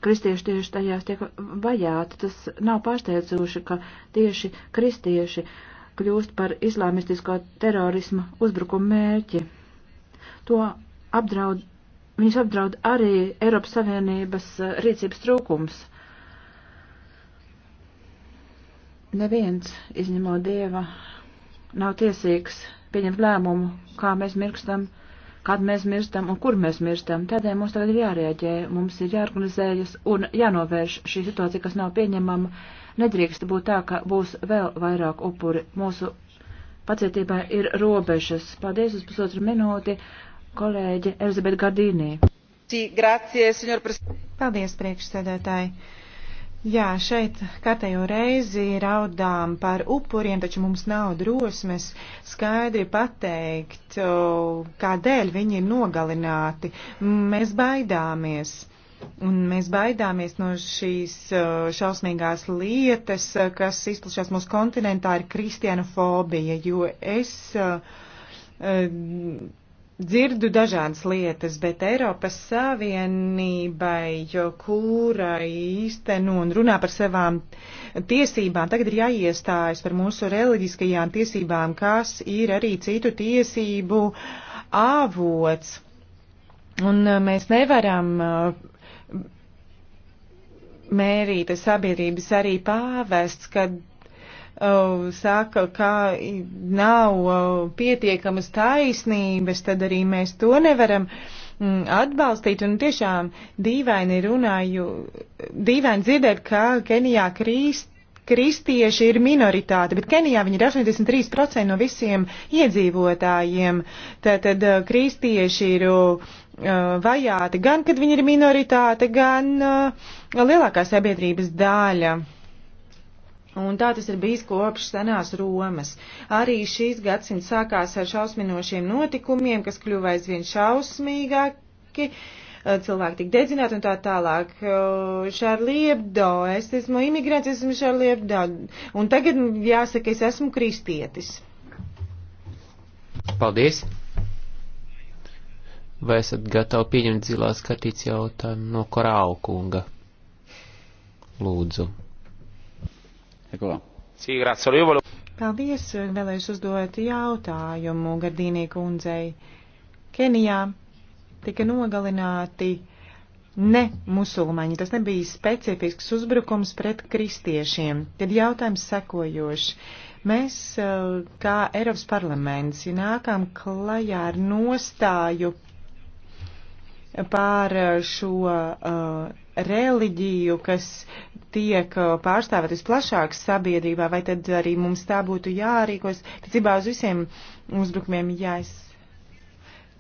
S4: kristieši tieši tajās tiek vajāti. Tas nav pārsteidzoši, ka tieši kristieši kļūst par islāmistisko terorismu uzbrukumu mērķi. To apdraud, viņus apdraud arī Eiropas Savienības uh, rīcības trūkums. Neviens, izņemot dieva, nav tiesīgs pieņemt lēmumu, kā mēs mirkstam, kad mēs mirstam un kur mēs mirstam. Tādēļ mums tagad ir jārēģē, mums ir jāorganizējas un jānovērš šī situācija, kas nav pieņemama. Nedrīkst būt tā, ka būs vēl vairāk upuri. Mūsu pacietībai ir
S5: robežas.
S4: Paldies uz pusotru minūti, kolēģe Elizabete Gardīnī.
S5: Paldies, priekšsēdētāji. Jā, šeit katējo reizi raudām par upuriem, taču mums nav drosmes skaidri pateikt, kādēļ viņi ir nogalināti. Mēs baidāmies. Un mēs baidāmies no šīs šausmīgās lietas, kas izplatās mūsu kontinentā, ir kristianofobija, jo es dzirdu dažādas lietas, bet Eiropas Savienībai, kura īsteno nu, un runā par savām tiesībām, tagad ir jāiestājas par mūsu reliģiskajām tiesībām, kas ir arī citu tiesību avots. Un uh, mēs nevaram uh, mērīt sabiedrības arī pāvests, kad Uh, saka, ka nav uh, pietiekamas taisnības, tad arī mēs to nevaram mm, atbalstīt. Un tiešām dīvaini runāju, dīvaini dzirdēt, ka Kenijā krīst. Kristieši ir minoritāte, bet Kenijā viņi ir 83% no visiem iedzīvotājiem. Tātad uh, kristieši ir uh, vajāti gan, kad viņi ir minoritāte, gan uh, lielākā sabiedrības daļa. Uh, Un tā tas ir bijis kopš senās Romas. Arī šīs gadsimts sākās ar šausminošiem notikumiem, kas kļuva aizvien šausmīgāki, cilvēki tik dedzināti un tā tālāk. Šarlie Bdo, es esmu imigrants, esmu Šarlie Bdo. Un tagad jāsaka, es esmu kristietis.
S7: Paldies! Vai esat gatavi pieņemt zilās kartīts jautājumu no Korālu kunga? Lūdzu. Neko.
S5: Paldies, vēlēšu uzdot jautājumu Gardīnī kundzei. Kenijā tika nogalināti ne musulmaņi. Tas nebija specifisks uzbrukums pret kristiešiem. Tad jautājums sekojošs. Mēs, kā Eiropas parlaments, nākam klajā ar nostāju pār šo uh, reliģiju, kas tiek uh, pārstāvēt visplašākas sabiedrībā, vai tad arī mums tā būtu jārīkos, ticībā uz visiem uzbrukumiem, ja es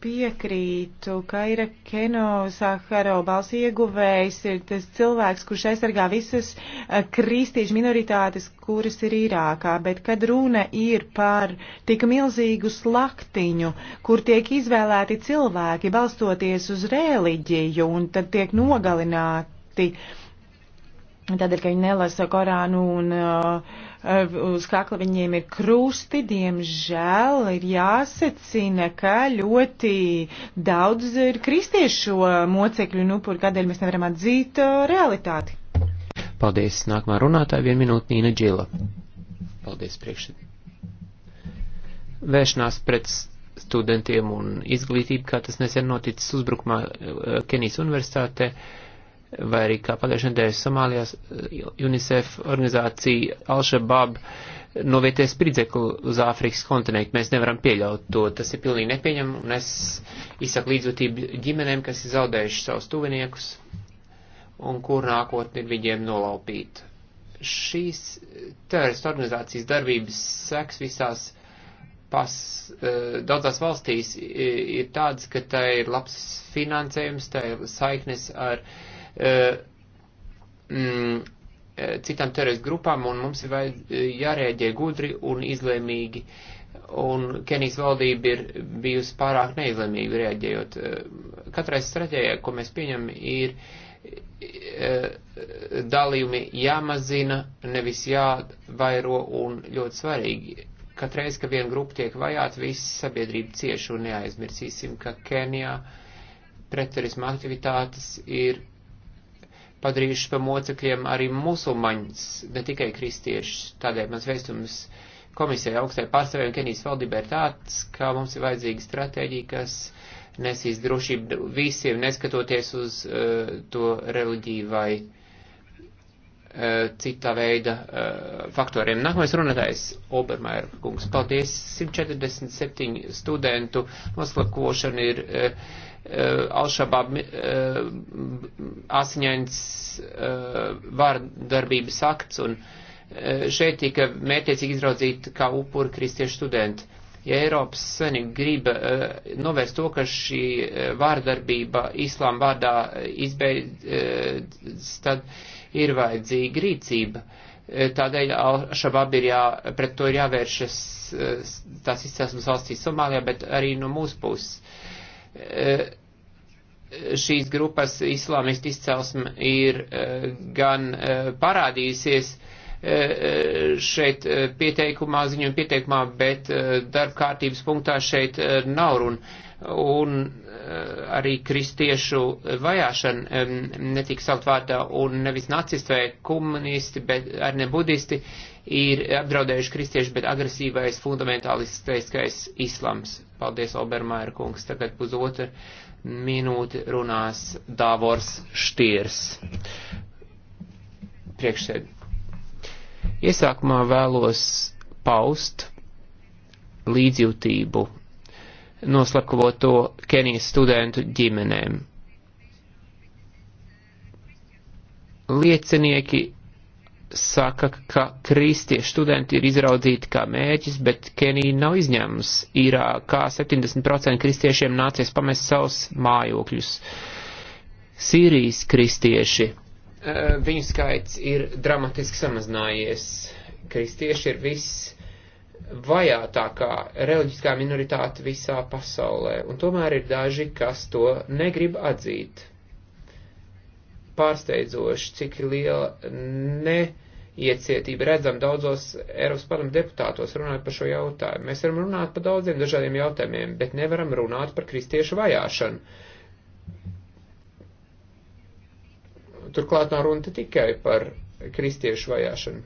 S5: piekrītu, ka ir Keno Saharo balss ieguvējs, ir tas cilvēks, kurš aizsargā visas uh, kristiešu minoritātes, kuras ir Irākā, bet kad runa ir par tik milzīgu slaktiņu, kur tiek izvēlēti cilvēki balstoties uz reliģiju un tad tiek nogalināti, uh, Tādēļ, ka viņi nelasa Korānu un uh, uh, uz kakla viņiem ir krusti, diemžēl ir jāsacina, ka ļoti daudz ir kristiešu mocekļu un nu, upuri, kādēļ mēs nevaram atzīt uh, realitāti.
S7: Paldies. Nākamā runātāja vien minūte Nīna Džila. Paldies priekšsēd. Vēršanās pret studentiem un izglītību, kā tas nesen noticis uzbrukumā uh, Kenijas universitātē. Uh, vai arī kā pagājušajā nedēļā Somālijā eh, UNICEF organizācija Al-Shabaab novietie spridzekli uz Āfrikas kontinentu. Mēs nevaram pieļaut to. Tas ir pilnīgi nepieņem, un es izsaku līdzjūtību ģimenēm, kas ir zaudējuši savus tuviniekus, un kur nākotni ir viņiem nolaupīt. Šīs teroristu organizācijas darbības seks visās pas, eh, daudzās valstīs ir tāds, ka tā ir labs finansējums, tā ir saiknes ar uh, mm, citām teroristu grupām, un mums ir e, jārēģē gudri un izlēmīgi. Un Kenijas valdība ir bijusi pārāk neizlēmīga reaģējot. Katrai stratēģijai, ko mēs pieņemam, ir e, dalījumi jāmazina, nevis jāvairo un ļoti svarīgi. Katreiz, ka viena grupa tiek vajāta, visa sabiedrība cieši un neaizmirsīsim, ka Kenijā pretterisma aktivitātes ir padarījuši par mocekļiem arī musulmaņus, ne tikai kristiešus. Tādēļ mans vēstums komisijai augstai pārstāvēm Kenijas valdībā ir tāds, ka mums ir vajadzīga stratēģija, kas nesīs drošību visiem, neskatoties uz uh, to reliģiju vai uh, eh, citā veida uh, faktoriem. Nākamais runātājs Obermaier kungs. Paldies. 147 studentu noslakošana ir uh, Eh, Al-Shabaab eh, asiņains eh, vārdarbības akts, un šeit tika mērķiecīgi izraudzīti kā upuri kristiešu studenti. Ja Eiropas Savienība grib novērst to, ka šī vārdarbība islām vārdā izbeidz, tad ir vajadzīga rīcība. Tādēļ Al-Shabaab ir jā, pret to ir jāvēršas tās izcelsmes valstīs Somālijā, bet arī no mūsu puses. Uh, Eh, šīs grupas islāmistu izcelsme ir eh, gan eh, parādījusies šeit pieteikumā, ziņojuma pieteikumā, bet darba kārtības punktā šeit nav runa. Un arī kristiešu vajāšana netiek saukt vārdā un nevis nacisti vai komunisti, bet arī ne budisti ir apdraudējuši kristieši, bet agresīvais fundamentālistiskais islams. Paldies, Obermaira kungs. Tagad pusotra minūte runās Dāvors Štīrs. Priekšsēd. Iesākumā vēlos paust līdzjūtību noslapkavot to Kenijas studentu ģimenēm. Liecinieki saka, ka kristiešu studenti ir izraudzīti kā mēķis, bet Kenija nav izņēmums. Irākā 70% kristiešiem nācies pamest savus mājokļus. Sīrijas kristieši. Eh, viņu skaits ir dramatiski samazinājies. Kristieši ir viss vajātākā reliģiskā minoritāte visā pasaulē, un tomēr ir daži, kas to negrib atzīt pārsteidzoši, cik liela neiecietība redzam daudzos Eiropas parlamenta deputātos runājot par šo jautājumu. Mēs varam runāt par daudziem dažādiem jautājumiem, bet nevaram runāt par kristiešu vajāšanu. Turklāt nav runa tikai par kristiešu vajāšanu.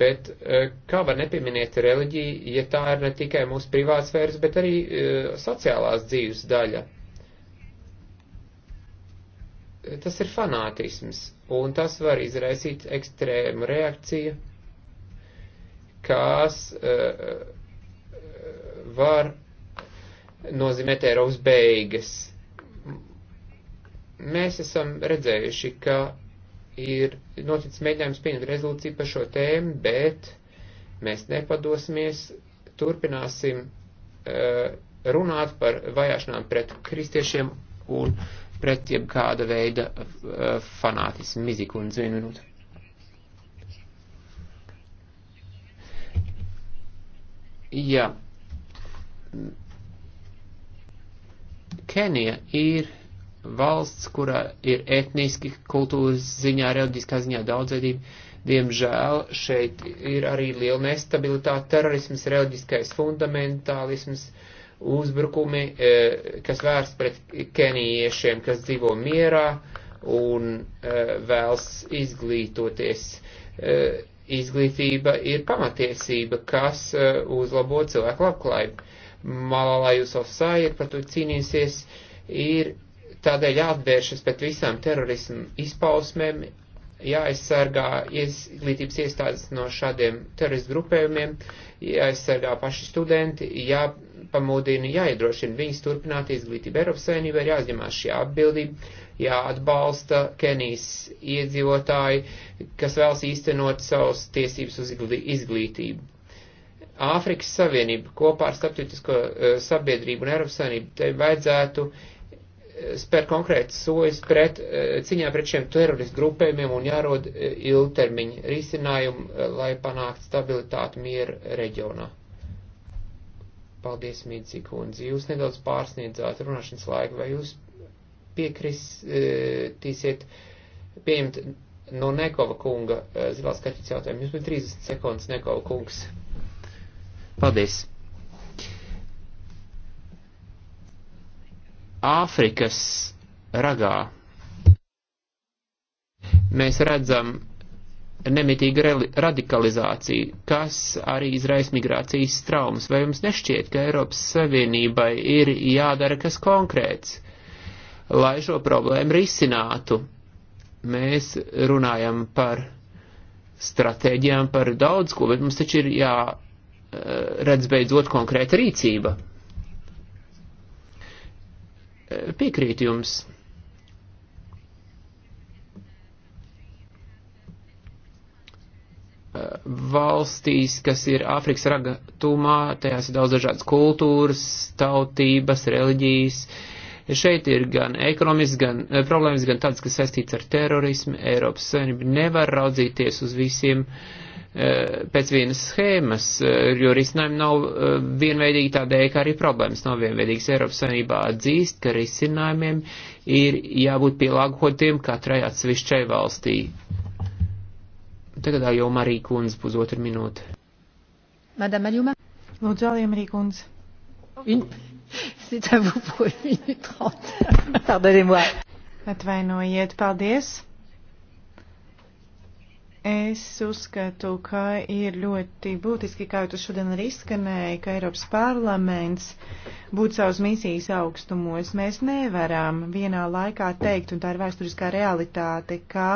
S7: Bet e, kā var nepieminēt reliģiju, ja tā ir ne tikai mūsu privātsfēras, bet arī uh, sociālās dzīves daļa? Uh, tas ir fanātisms, un tas var izraisīt ekstrēmu reakciju, kas uh, var nozīmēt Eiropas beigas. Mēs esam redzējuši, ka ir noticis mēģinājums pieņemt rezolūciju par šo tēmu, bet mēs nepadosimies, turpināsim uh, runāt par vajāšanām pret kristiešiem un uh, pret jebkāda veida eh, fanātismu. Mizikundze, vienu minūtu. Jā. Kenija ir valsts, kurā ir etniski, kultūras ziņā, reliģiskā ziņā daudzveidība. Diemžēl šeit ir arī liela nestabilitāte, terorisms, reliģiskais fundamentālisms. Uh, uzbrukumi, e, kas vērsts pret kenijiešiem, kas dzīvo mierā un e, vēlas izglītoties. E, izglītība ir pamatiesība, kas uzlabo cilvēku labklājību. Malalā Jusofsā ir par to cīnījusies, ir tādēļ jāatvēršas pret visām terorismu izpausmēm, jāaizsargā izglītības iestādes no šādiem teroristu grupējumiem, jāaizsargā paši studenti, jā jāpamudina, jāiedrošina viņas turpināt izglītību. Eiropas Savienībai ir jāuzņemās šī atbildība, jāatbalsta Kenijas iedzīvotāji, kas vēlas īstenot savus tiesības uz izglītību. Āfrikas Savienība kopā ar starptautisko eh, sabiedrību un Eiropas Savienību te vajadzētu eh, spēr konkrētas sojas pret, eh, ciņā pret šiem teroristu grupējumiem un jārod ilgtermiņa risinājumu, lai panākt stabilitātu mieru reģionā. Paldies, Mīdzi kundze. Jūs nedaudz pārsniedzāt runāšanas laiku, vai jūs piekristīsiet e, pieņemt no Nekova kunga e, zilās kartītes jautājumu? Jums bija 30 sekundes, Nekova kungs. Paldies. Āfrikas ragā mēs redzam nemitīga radikalizācija, kas arī izraisa migrācijas traumas. Vai jums nešķiet, ka Eiropas Savienībai ir jādara kas konkrēts, lai šo problēmu risinātu? Mēs runājam par stratēģijām, par daudz ko, bet mums taču ir jāredz eh, beidzot konkrēta rīcība. Eh, piekrīt jums valstīs, kas ir Āfrikas raga tūmā, tajās ir daudz dažādas kultūras, tautības, reliģijas. Šeit ir gan ekonomisks, gan eh, problēmas, gan tāds, kas saistīts ar terorismu. Eiropas Savienība nevar raudzīties uz visiem eh, pēc vienas schēmas, eh, jo risinājumi nav vienveidīgi tādēļ, ka arī problēmas nav vienveidīgas. Eiropas Savienībā atzīst, ka risinājumiem ir jābūt pielāgotiem katrai atsevišķai valstī Tagad jau Marija Kunz pusotru minūti.
S5: Madame Aljuma. Lūdzu, Alija Marija Kunz. In... C'est à vous pour une minute trente. Pardonnez-moi. Atvainojiet, paldies. Es uzskatu, ka ir ļoti būtiski, kā tu šodien arī izskanēji, ka Eiropas parlaments būtu savas misijas augstumos. Mēs nevaram vienā laikā teikt, un tā ir vēsturiskā realitāte, ka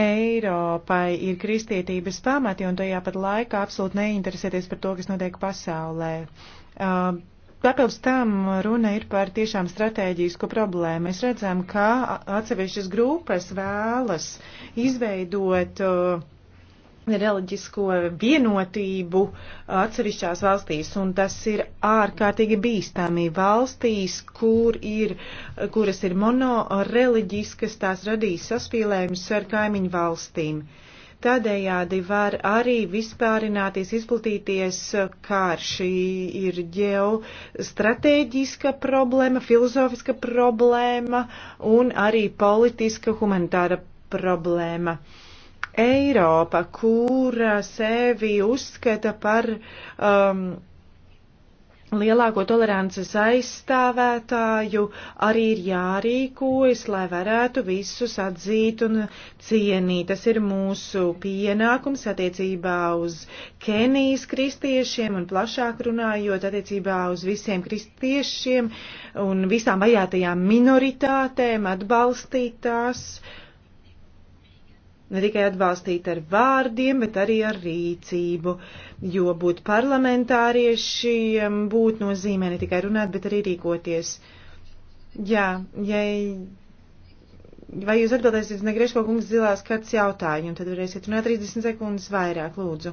S5: Eiropai ir kristietības pamati un tajā pat laikā absolūti neinteresēties par to, kas notiek pasaulē. Uh, Papildus tam runa ir par tiešām stratēģisku problēmu. Mēs redzam, ka atsevišķas grupas vēlas izveidot uh, reliģisko vienotību atsevišķās valstīs, un tas ir ārkārtīgi bīstami valstīs, kur ir, kuras ir monoreliģiskas, tās radīs saspīlējums ar kaimiņu valstīm. Tādējādi var arī vispārināties, izplatīties kārš. Šī ir ģeostrateģiska problēma, filozofiska problēma un arī politiska humanitāra problēma. Uh, Eiropa, kura uh, sevi uzskata par um, lielāko tolerances aizstāvētāju, arī ir jārīkojas, lai varētu visus atzīt un cienīt. Tas ir mūsu pienākums attiecībā uz Kenijas kristiešiem un plašāk runājot attiecībā uz visiem kristiešiem un visām vajātajām minoritātēm atbalstīt tās. Uh, ne tikai atbalstīt ar vārdiem, bet arī ar rīcību, jo būt parlamentāriešiem būt nozīmē ne tikai runāt, bet arī rīkoties. Jā, ja vai jūs atbildēsiet Negrieško kungs zilās kāds jautājumu, tad varēsiet runāt 30 sekundes vairāk, lūdzu.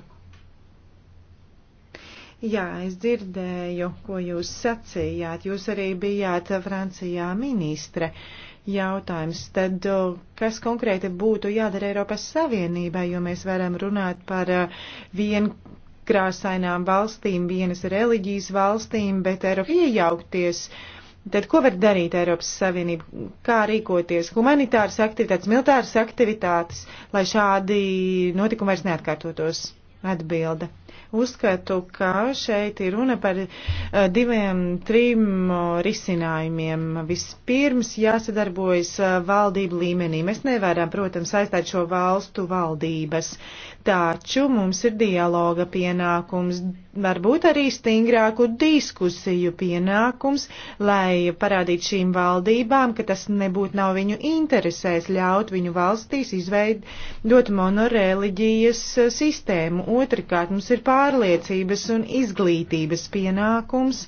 S5: Jā, es dzirdēju, ko jūs sacījāt. Jūs arī bijāt Francijā ministre. Uh, jautājums. Tad, uh, kas konkrēti būtu jādara Eiropas Savienībai, jo mēs varam runāt par uh, vienkrāsainām valstīm, vienas reliģijas valstīm, bet Eiropa iejaukties. Tad, ko var darīt Eiropas Savienība? Kā rīkoties? Humanitāras aktivitātes, militāras aktivitātes, lai šādi notikumi vairs neatkārtotos? Atbilde. Uzskatu, ka šeit ir runa par eh, diviem, trim risinājumiem. Vispirms jāsadarbojas eh, valdību līmenī. Mēs nevaram, protams, aizstāt šo valstu valdības taču mums ir dialoga pienākums, varbūt arī stingrāku diskusiju pienākums, lai parādītu šīm valdībām, ka tas nebūtu nav viņu interesēs ļaut viņu valstīs izveidot monoreliģijas eh, sistēmu. Otrakārt, mums ir pārliecības un izglītības pienākums,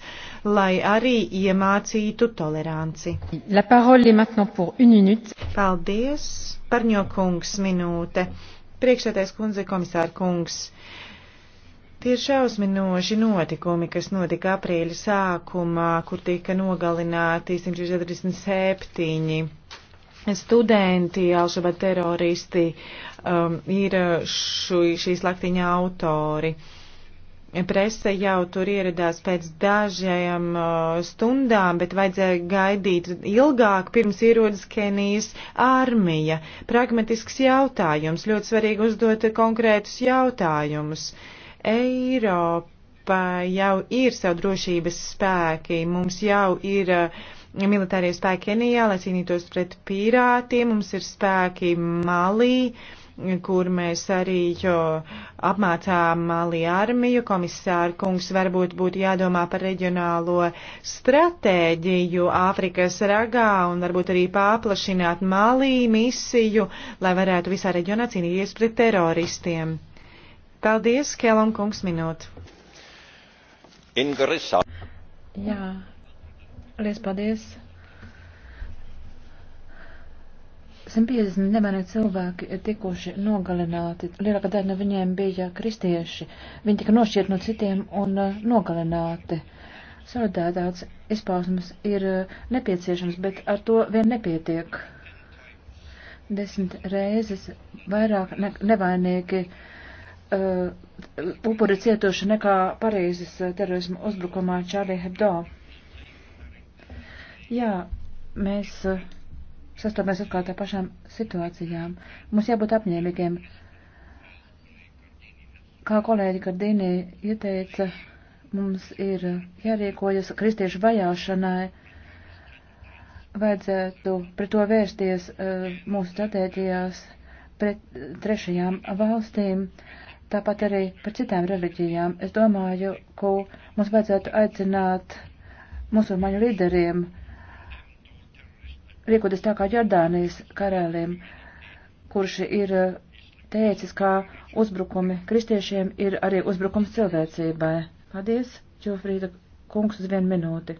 S5: lai arī iemācītu toleranci. La parole est maintenant pour une minute. Paldies, Parņokungs, minūte. Priekšsēdēs kundze, komisāra kungs. Tie ir šausminoši notikumi, kas notika aprīļa sākumā, kur tika nogalināti 147 studenti, Alšabat teroristi, um, ir šu, šīs laktiņa autori. Uh, Prese jau tur ieradās pēc dažiem uh, stundām, bet vajadzēja gaidīt ilgāk, pirms ierodas Kenijas armija. Pragmatisks jautājums, ļoti svarīgi uzdot konkrētus jautājumus. Eiropa jau ir savu drošības spēki, mums jau ir uh, militārie spēki Kenijā, lai cīnītos pret pirātiem, mums ir spēki Malī. Uh, kur mēs arī apmācām Mali armiju. Komisāra kungs varbūt būtu jādomā par reģionālo stratēģiju Āfrikas ragā un varbūt arī pāplašināt Malī misiju, lai varētu visā reģionā cīnīties pret teroristiem. Paldies, Kelom kungs, minūte. Ingrisa. Jā,
S4: liels paldies. 150 nevainīgi cilvēki ir tikuši nogalināti. Lielākā daļa no viņiem bija kristieši. Viņi tika nošķirt no citiem un uh, nogalināti. Solidaritātes izpausmes ir uh, eh, nepieciešams, bet ar to vien nepietiek. Desmit reizes vairāk ne nevainīgi uh, upuri cietuši nekā Parīzes terorismu uzbrukumā Čārlī Hebdo. Jā, mēs. Uh, sastopamies atkal tā pašām situācijām. Mums jābūt apņēmīgiem. Kā kolēģi Kardīnī ieteica, mums ir jārīkojas kristiešu vajāšanai, vajadzētu pret to vērsties eh, mūsu stratēģijās pret eh, trešajām valstīm, tāpat arī par citām reliģijām. Es domāju, ka mums vajadzētu aicināt musulmaņu līderiem uh, riekoties tā kā Jordānijas karēliem, kurš ir eh, teicis, ka uzbrukumi kristiešiem ir arī uzbrukums cilvēcībai. Paldies, Čofrīda kungs, uz vienu minūti.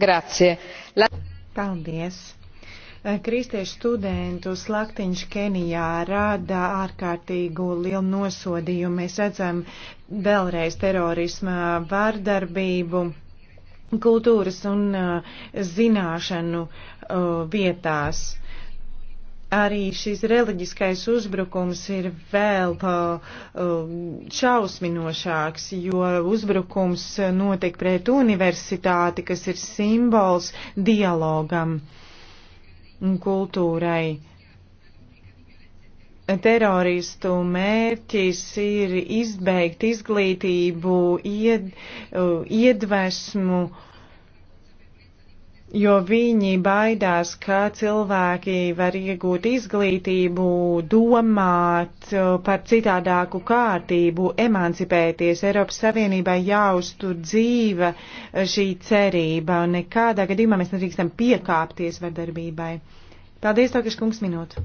S5: Grazie. La... Paldies. Kristiešu studentu slaktiņš Kenijā rada ārkārtīgu lielu nosodījumu. Mēs redzam vēlreiz terorisma vārdarbību kultūras un uh, zināšanu uh, vietās. Arī šis reliģiskais uzbrukums ir vēl uh, šausminošāks, jo uzbrukums notiek pret universitāti, kas ir simbols dialogam un kultūrai teroristu mērķis ir izbeigt izglītību, ied, uh, iedvesmu, jo viņi baidās, ka cilvēki var iegūt izglītību, domāt uh, par citādāku kārtību, emancipēties. Eiropas Savienībai jaustu dzīve uh, šī cerība. Nekādā gadījumā mēs nedrīkstam piekāpties vardarbībai. Paldies, Tokiškungs, minūte.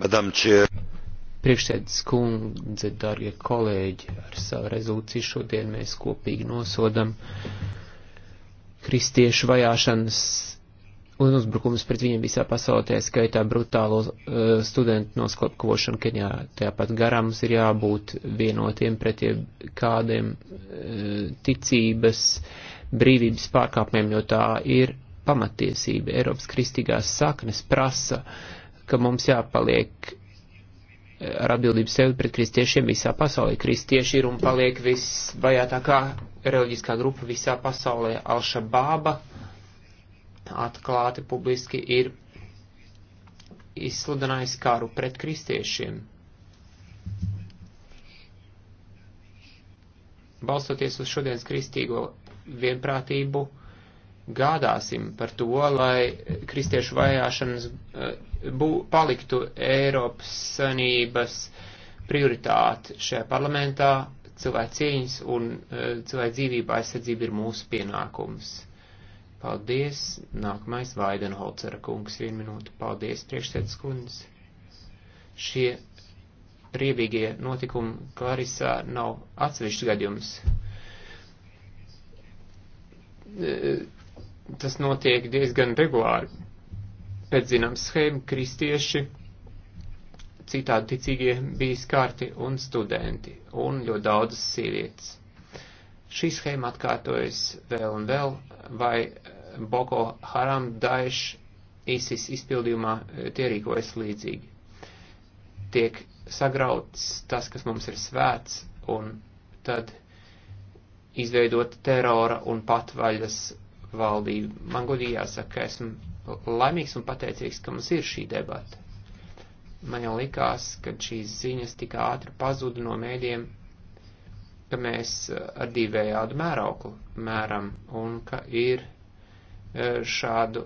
S7: Priekšsēdus kundze, darbie kolēģi, ar savu rezolūciju šodien mēs kopīgi nosodam kristiešu vajāšanas un uzbrukums pret viņiem visā pasaulē, skaitā brutālo uh, studentu nosklepkošanu Kenijā. Tāpat garā mums ir jābūt vienotiem pret kādiem uh, eh, ticības brīvības pārkāpumiem, jo tā ir pamatiesība. Eiropas kristīgās saknes prasa uh, ka mums jāpaliek eh, ar atbildību sevi pret kristiešiem visā pasaulē. Kristieši ir un paliek visvajātākā reliģiskā grupa visā pasaulē. Al-Shababa atklāti publiski ir izsludinājis karu pret kristiešiem. Balstoties uz šodienas kristīgo vienprātību, gādāsim par to, lai kristiešu vajāšanas eh, bū, paliktu Eiropas sanības prioritāte šajā parlamentā, cilvēku cieņas un e, cilvēku dzīvība aizsardzība ir mūsu pienākums. Paldies. Nākamais Vaidenholcera kungs, vienu minūtu. Paldies, priekšsēdus kundz. Šie riebīgie notikumi Klarisā nav atsevišķs gadījums. E, tas notiek diezgan regulāri pēc zināmas schēma kristieši, citādi ticīgie bija skārti un studenti, un ļoti daudzas sievietes. Šī schēma atkārtojas vēl un vēl, vai eh, Boko Haram Daesh ISIS izpildījumā eh, tie rīkojas līdzīgi. Tiek sagrauts tas, kas mums ir svēts, un tad izveidot terora un patvaļas valdību. Man godīgi jāsaka, ka esmu laimīgs un pateicīgs, ka mums ir šī debata. Man jau likās, ka šīs ziņas tik ātri pazuda no mēdiem, ka mēs eh, ar divējādu mērauklu mēram un ka ir eh, šādu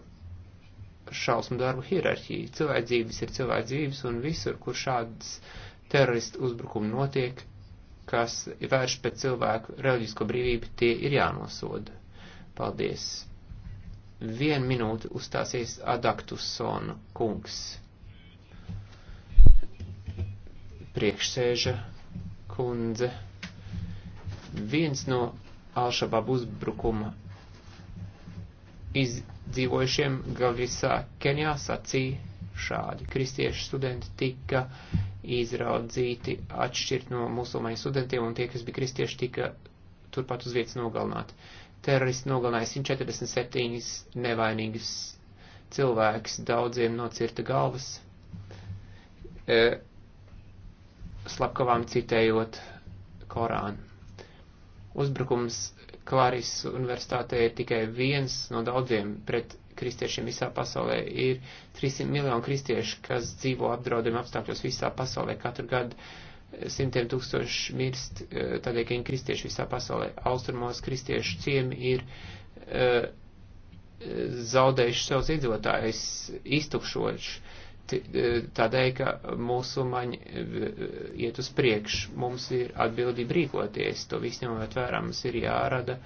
S7: šausmu darbu hierarhija. Cilvēku dzīves ir cilvēku dzīves un visur, kur šādas teroristu uzbrukumi notiek, kas vērš pret cilvēku reliģisko brīvību, tie ir jānosoda. Paldies! Vienu minūti uzstāsies Adaktusona kungs. Priekšsēža kundze. Viens no Alšabab uzbrukuma izdzīvojušiem Galisā Kenijā sacīja šādi. Kristiešu studenti tika izraudzīti atšķirt no musulmaņu studentiem, un tie, kas bija kristieši, tika turpat uz vietas nogalināti. Teroristi nogalināja 147 nevainīgus cilvēkus, daudziem nocirta galvas, e, slapkavām citējot Korānu. Uzbrukums Klāris universitātē ir tikai viens no daudziem pret kristiešiem visā pasaulē. Ir 300 miljoni kristiešu, kas dzīvo apdraudējuma apstākļos visā pasaulē katru gadu. Uh, Simtiem tūkstoši mirst e, tādēļ, ka viņi kristieši visā pasaulē. Austrumos kristiešu ciemi ir uh, zaudējuši savus iedzīvotājus, iztukšojuši e, tādēļ, ka musulmaņi iet uz priekšu. Mums ir atbildība rīkoties, to visu ņemot vērā mums ir jārada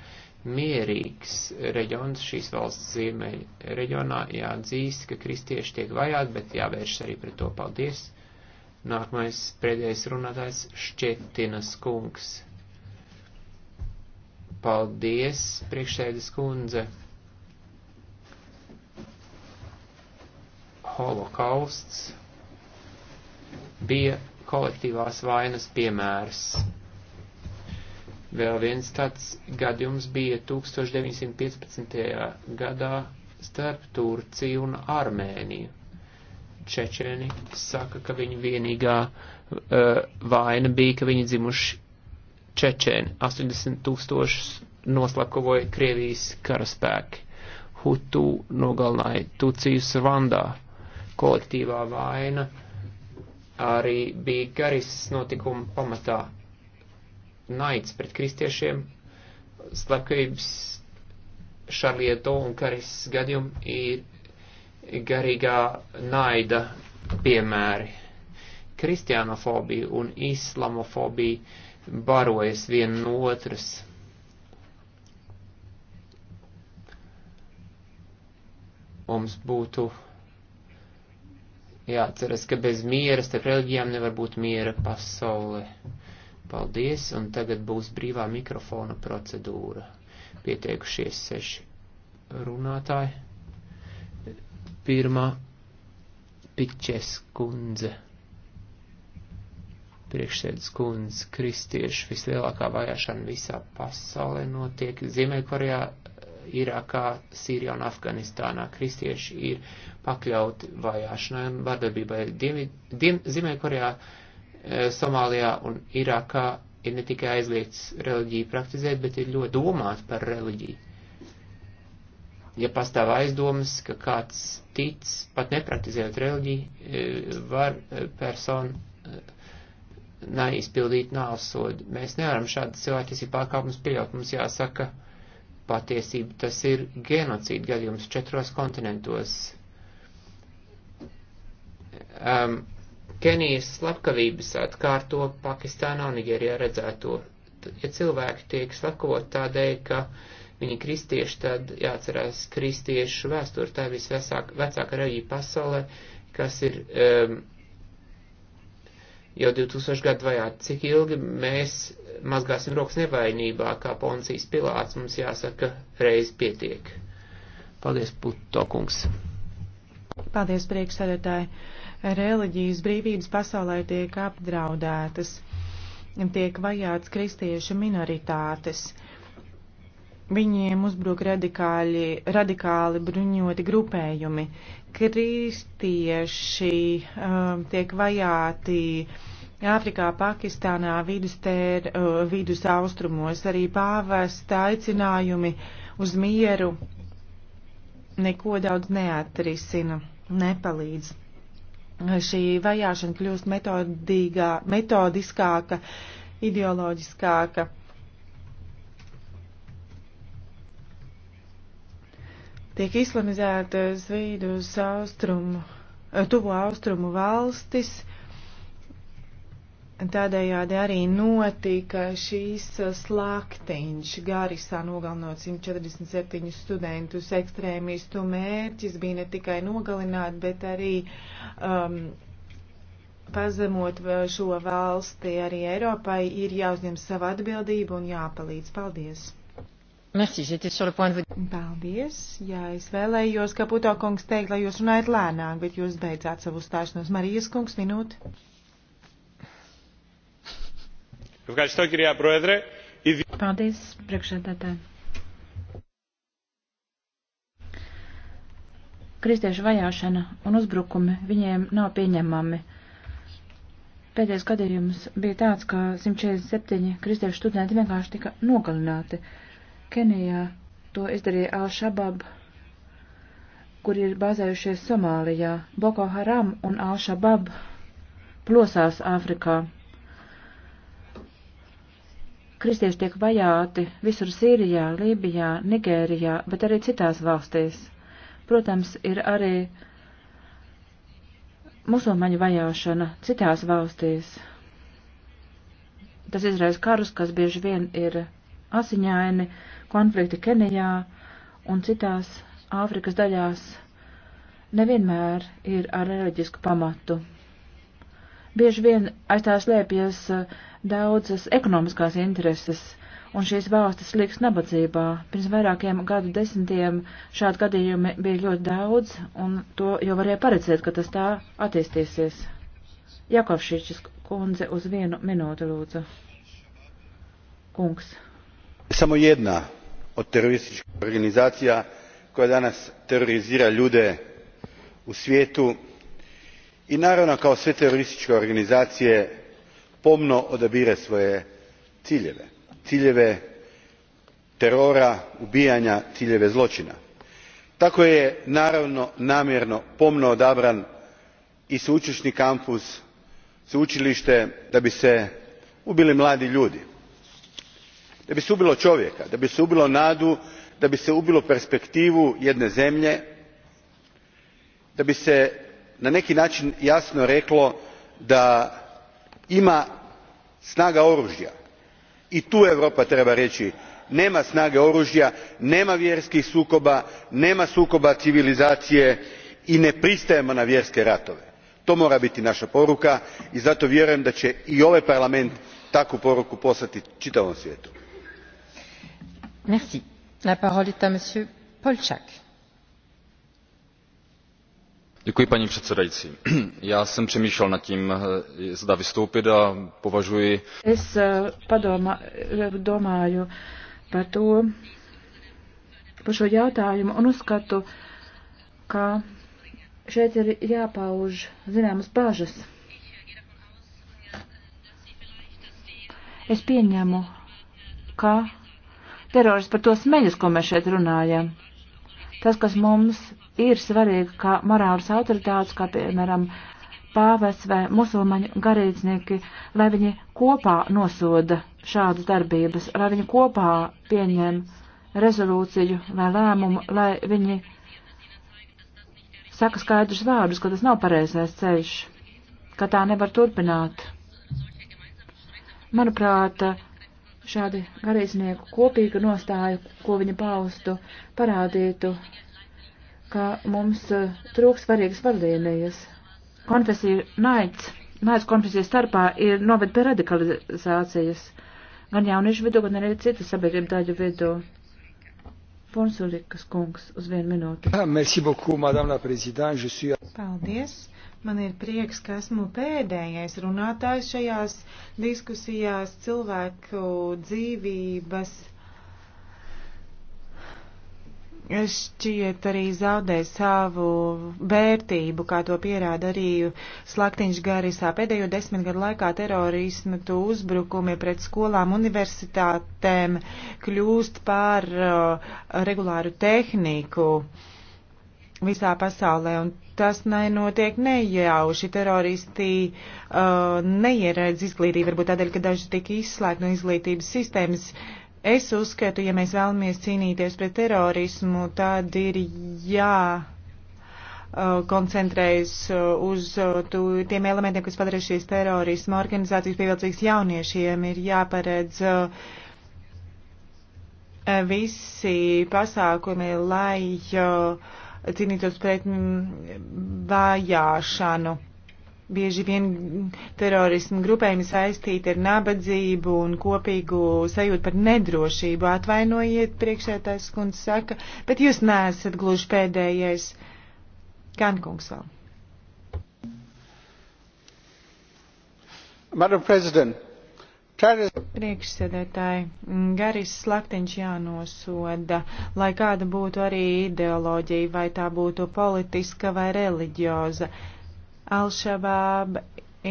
S7: mierīgs reģions šīs valsts ziemeļa reģionā, jāatzīst, ka kristieši tiek vajāti, bet jāvēršas arī pret to paldies. Nākamais pēdējais runātājs Šķetinas kungs. Paldies, priekšsēdes kundze. Holokausts bija kolektīvās vainas piemērs. Vēl viens tāds gadījums bija 1915. gadā starp Turciju un Armēniju. Čečēni saka, ka viņa vienīgā uh, vaina bija, ka viņi dzimuši Čečēni. 80 tūkstošus noslapkavoja Krievijas karaspēki. Hutu nogalināja Tucijus Rwandā. Kolektīvā vaina arī bija garis notikuma pamatā. Naids pret kristiešiem, slepkavības Šarlieto un Karis gadījumi ir garīgā naida piemēri. Kristianofobija un islamofobija barojas viena no otras. Mums būtu jāatceras, ka bez miera starp reliģijām nevar būt miera pasaule. Paldies, un tagad būs brīvā mikrofona procedūra. Pieteikušies seši runātāji. Pirmā Piķes kundze, priekšsēdus kundze, kristieši vislielākā vajāšana visā pasaulē notiek Ziemeļkorejā, Irākā, Sīrijā un Afganistānā. Kristieši ir pakļauti vajāšanai un vardarbībai. Ziemeļkorejā, eh, Somālijā un Irākā ir ne tikai aizliegts reliģiju praktizēt, bet ir ļoti domāt par reliģiju ja pastāv aizdomas, ka kāds tic, pat nepraktizējot reliģiju, e, var e, personu e, neizpildīt nāvsodu. Mēs nevaram šādas cilvēktiesību pārkāpumus pieļaut. Mums jāsaka patiesība, tas ir genocīda gadījums četros kontinentos. Um, Kenijas slepkavības atkārto Pakistānā un Nigērijā redzēto. Ja cilvēki tiek slepkavot tādēļ, ka uh, viņi kristieši, tad jāatcerās kristiešu vēsturi, tā ir visvecākā reliģija pasaulē, kas ir um, jau 2000 gadu vajā, cik ilgi mēs mazgāsim rokas nevainībā, kā Poncijas Pilāts, mums jāsaka, reiz pietiek. Paldies, Puto kungs.
S5: Paldies, priekšsēdētāji. Reliģijas brīvības pasaulē tiek apdraudētas, tiek vajāts kristiešu minoritātes. Uh, Viņiem uzbruk radikāļi, radikāli bruņoti grupējumi. Kristieši um, tiek vajāti Āfrikā, Pakistānā, vidus, tēr, uh, vidus austrumos, arī pāvesta aicinājumi uz mieru neko daudz neatrisina, nepalīdz. Šī vajāšana kļūst metodiskāka, ideoloģiskāka tiek islamizētas vīdus austrumu, eh, tuvo austrumu valstis. Tādējādi arī notika šīs slaktiņš. Gārisā nogalinot 147 studentus, ekstrēmistu mērķis bija ne tikai nogalināt, bet arī um, pazemot šo valsti. Arī Eiropai ir jāuzņem sava atbildība un jāpalīdz. Paldies!
S2: Merci, j'étais sur le point de vous.
S5: Paldies. Jā, es vēlējos, ka Puto kungs teikt, lai jūs runājat lēnāk, bet jūs beidzāt savu stāšanos. Marijas kungs, minūte. Paldies, priekšsēdētāji.
S4: Kristiešu vajāšana un uzbrukumi viņiem nav pieņemami. Pēdējais gadījums bija tāds, ka 147 kristiešu studenti vienkārši tika nogalināti. Kenijā to izdarīja Al-Shabab, kur ir bāzējušies Somālijā. Boko Haram un Al-Shabab plosās Āfrikā. Kristieši tiek vajāti visur Sīrijā, Lībijā, Nigērijā, bet arī citās valstīs. Protams, ir arī musulmaņu vajāšana citās valstīs. Tas izraisa karus, kas bieži vien ir asiņaini, uh, konflikti Kenijā un citās Āfrikas daļās nevienmēr ir ar reliģisku pamatu. Bieži vien aiz tā slēpjas eh, daudzas ekonomiskās intereses, un šīs valstis liks nabadzībā. Pirms vairākiem gadu desmitiem šādi gadījumi bija ļoti daudz, un to jau varēja paredzēt, ka tas tā attīstīsies. Jakovšīčis kundze uz vienu minūti lūdzu. Kungs.
S6: Samo jedna od terorističkih organizacija koje danas teroriziraju ljude u svijetu i naravno kao sve terorističke organizacije pomno odabire svoje ciljeve ciljeve terora ubijanja ciljeve zločina. tako je naravno namjerno pomno odabran i sveučilišni kampus sveučilište da bi se ubili mladi ljudi da bi se ubilo čovjeka da bi se ubilo nadu da bi se ubilo perspektivu jedne zemlje da bi se na neki način jasno reklo da ima snaga oružja i tu europa treba reći nema snage oružja nema vjerskih sukoba nema sukoba civilizacije i ne pristajemo na vjerske ratove. to mora biti naša poruka i zato vjerujem da će i ovaj parlament takvu poruku poslati čitavom svijetu paní předsedající já jsem přemýšlel nad tím eh, zda vystoupit a považuji.
S4: es eh, padomā, eh, domāju par to par šo jautājumu un uzskatu ka šeit ir jāpauž zināmas bažas. Es pieņemu, ka terorists, par to smeļus, ko mēs šeit runājam. Tas, kas mums ir svarīgi, kā morāls autoritātes, kā piemēram pāvests vai musulmaņu garīdznieki, lai viņi kopā nosoda šādas darbības, lai viņi kopā pieņem rezolūciju vai lēmumu, lai viņi saka skaidrus vārdus, ka tas nav pareizais ceļš, ka tā nevar turpināt. Manuprāt, šādi garīdznieku kopīga nostāja, ko viņi paustu, parādītu, ka mums eh, trūks svarīgas vadlīnijas. Konfesija naids, naids konfesijas starpā ir noved pie radikalizācijas, gan jauniešu vidū, gan arī citu sabiedrību daļu vidū. Fonsulikas kungs uz vienu minūti.
S6: Ah, merci beaucoup, madame la présidente. Suis...
S5: Paldies. Man ir prieks, ka esmu pēdējais runātājs šajās diskusijās cilvēku dzīvības. Šķiet arī zaudē savu vērtību, kā to pierāda arī Slaktiņš Garisā. Pēdējo desmit gadu laikā terorismu tu uzbrukumi pret skolām, universitātēm kļūst par uh, regulāru tehniku visā pasaulē. Un tas nenotiek nejauši. Teroristi uh, neieredz izglītību, varbūt tādēļ, ka daži tika izslēgti no izglītības sistēmas. Es uzskatu, ja mēs vēlamies cīnīties pret terorismu, tad ir jā uh, koncentrējas uh, uz uh, tū, tiem elementiem, kas padara šīs terorisma organizācijas pievilcīgas jauniešiem, ir jāparedz uh, visi pasākumi, lai uh, cīnītos pret vajāšanu. Bieži vien terorismu grupējumi saistīti ar nabadzību un kopīgu sajūtu par nedrošību. Atvainojiet, priekšētais skundze saka, bet jūs neesat gluži pēdējais. Kankungs vēl.
S6: Madam President,
S5: Priekšsēdētāji, garis slaktiņš jānosoda, lai kāda būtu arī ideoloģija, vai tā būtu politiska vai reliģioza. Al-Shabaab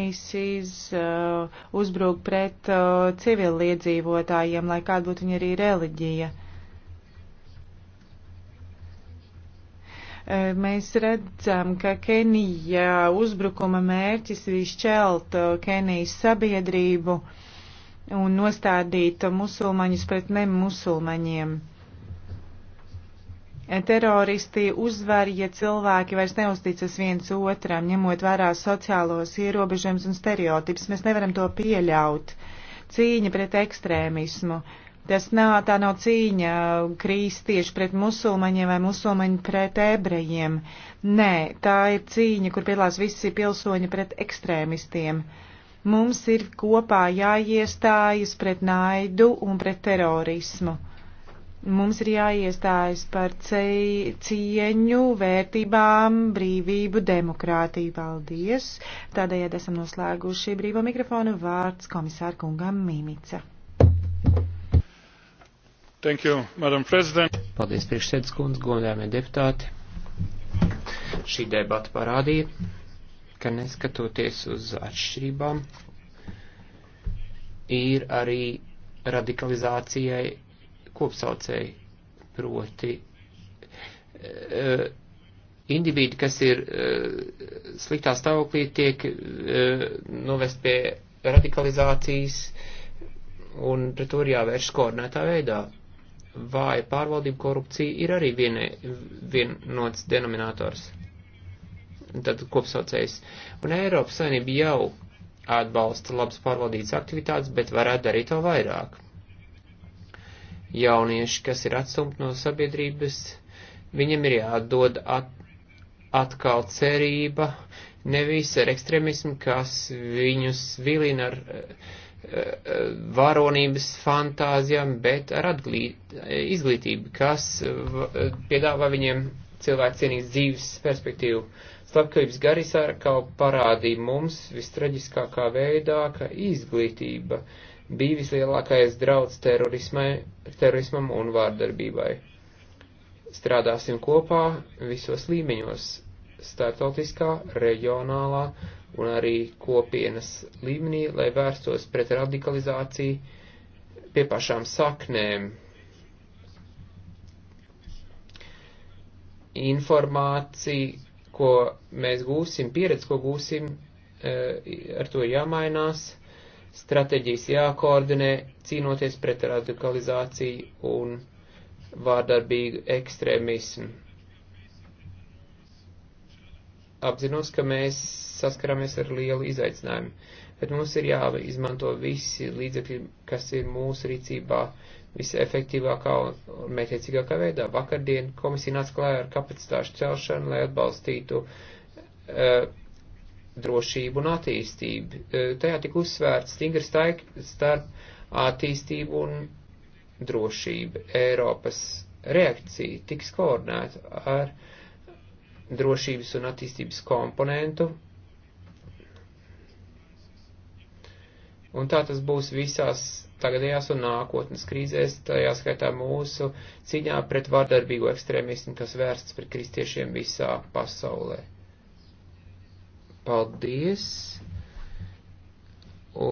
S5: ISIS uh, uzbruk pret uh, civiliedzīvotājiem, lai kāda būtu viņa arī reliģija. Uh, mēs redzam, ka Kenija uzbrukuma mērķis ir izšķelt uh, Kenijas sabiedrību. Uh, un nostādīt musulmaņus pret nemusulmaņiem. Teroristi uzvar, ja cilvēki vairs neusticas viens otram, ņemot vērā sociālos ierobežojumus un stereotipus. Mēs nevaram to pieļaut. Cīņa pret ekstrēmismu. Tas nav, tā nav cīņa uh, kristieši pret musulmaņiem vai musulmaņi pret ebrejiem. Nē, tā ir cīņa, kur piedalās visi pilsoņi pret ekstrēmistiem. Uh, Mums ir kopā jāiestājas pret naidu un pret terorismu. Mums ir jāiestājas par cieņu, vērtībām, brīvību, demokrātiju. Paldies! Tādējādi esam noslēguši brīvo mikrofonu vārds komisāra kungam Mimica.
S3: Thank you,
S7: Madam President. Paldies, priekšsēdus kundze, godājumie deputāti. Šī debata parādīja ka neskatoties uz atšķirībām, ir arī radikalizācijai kopsaucēji, proti uh, individi, kas ir uh, sliktā stāvoklī, tiek uh, novest pie radikalizācijas un pret to ir jāvērš koordinētā veidā. Vāja pārvaldība korupcija ir arī viena, viennots denominators tad kopsaucējs. Un Eiropas Savienība jau atbalsta labas pārvaldītas aktivitātes, bet varētu darīt to vairāk. Jaunieši, kas ir atstumti no sabiedrības, viņam ir jādod at, atkal cerība, nevis ar ekstremismu, kas viņus vilina ar eh, eh, varonības fantāzijām, bet ar atglīt, izglītību, kas eh, piedāvā viņiem cilvēku cienīgas dzīves perspektīvu. Uh, Slepkavības garisārkau parādīja mums vistraģiskākā veidā, ka izglītība bija vislielākais draudz terorismam un vārdarbībai. Strādāsim kopā visos līmeņos - startautiskā, reģionālā un arī kopienas līmenī, lai vērstos pret radikalizāciju pie pašām saknēm. Informācija ko mēs gūsim, pieredze, ko gūsim, e, ar to jāmainās, stratēģijas jākoordinē, cīnoties pret radikalizāciju un vārdarbīgu ekstrēmismu. Apzinos, ka mēs saskaramies ar lielu izaicinājumu, bet mums ir jāizmanto visi līdzekļi, kas ir mūsu rīcībā, uh, visefektīvākā un mērķiecīgākā veidā. Vakardien komisija nāca klājā ar kapacitāšu celšanu, lai atbalstītu uh, drošību un attīstību. Uh, tajā tika uzsvērts stingri starp attīstību un drošību. Eiropas reakcija tiks koordinēta ar drošības un attīstības komponentu. Un tā tas būs visās tagadējās un nākotnes krīzēs, tajā skaitā mūsu cīņā pret vardarbīgo ekstrēmismu, kas vērsts pret kristiešiem visā pasaulē. Paldies!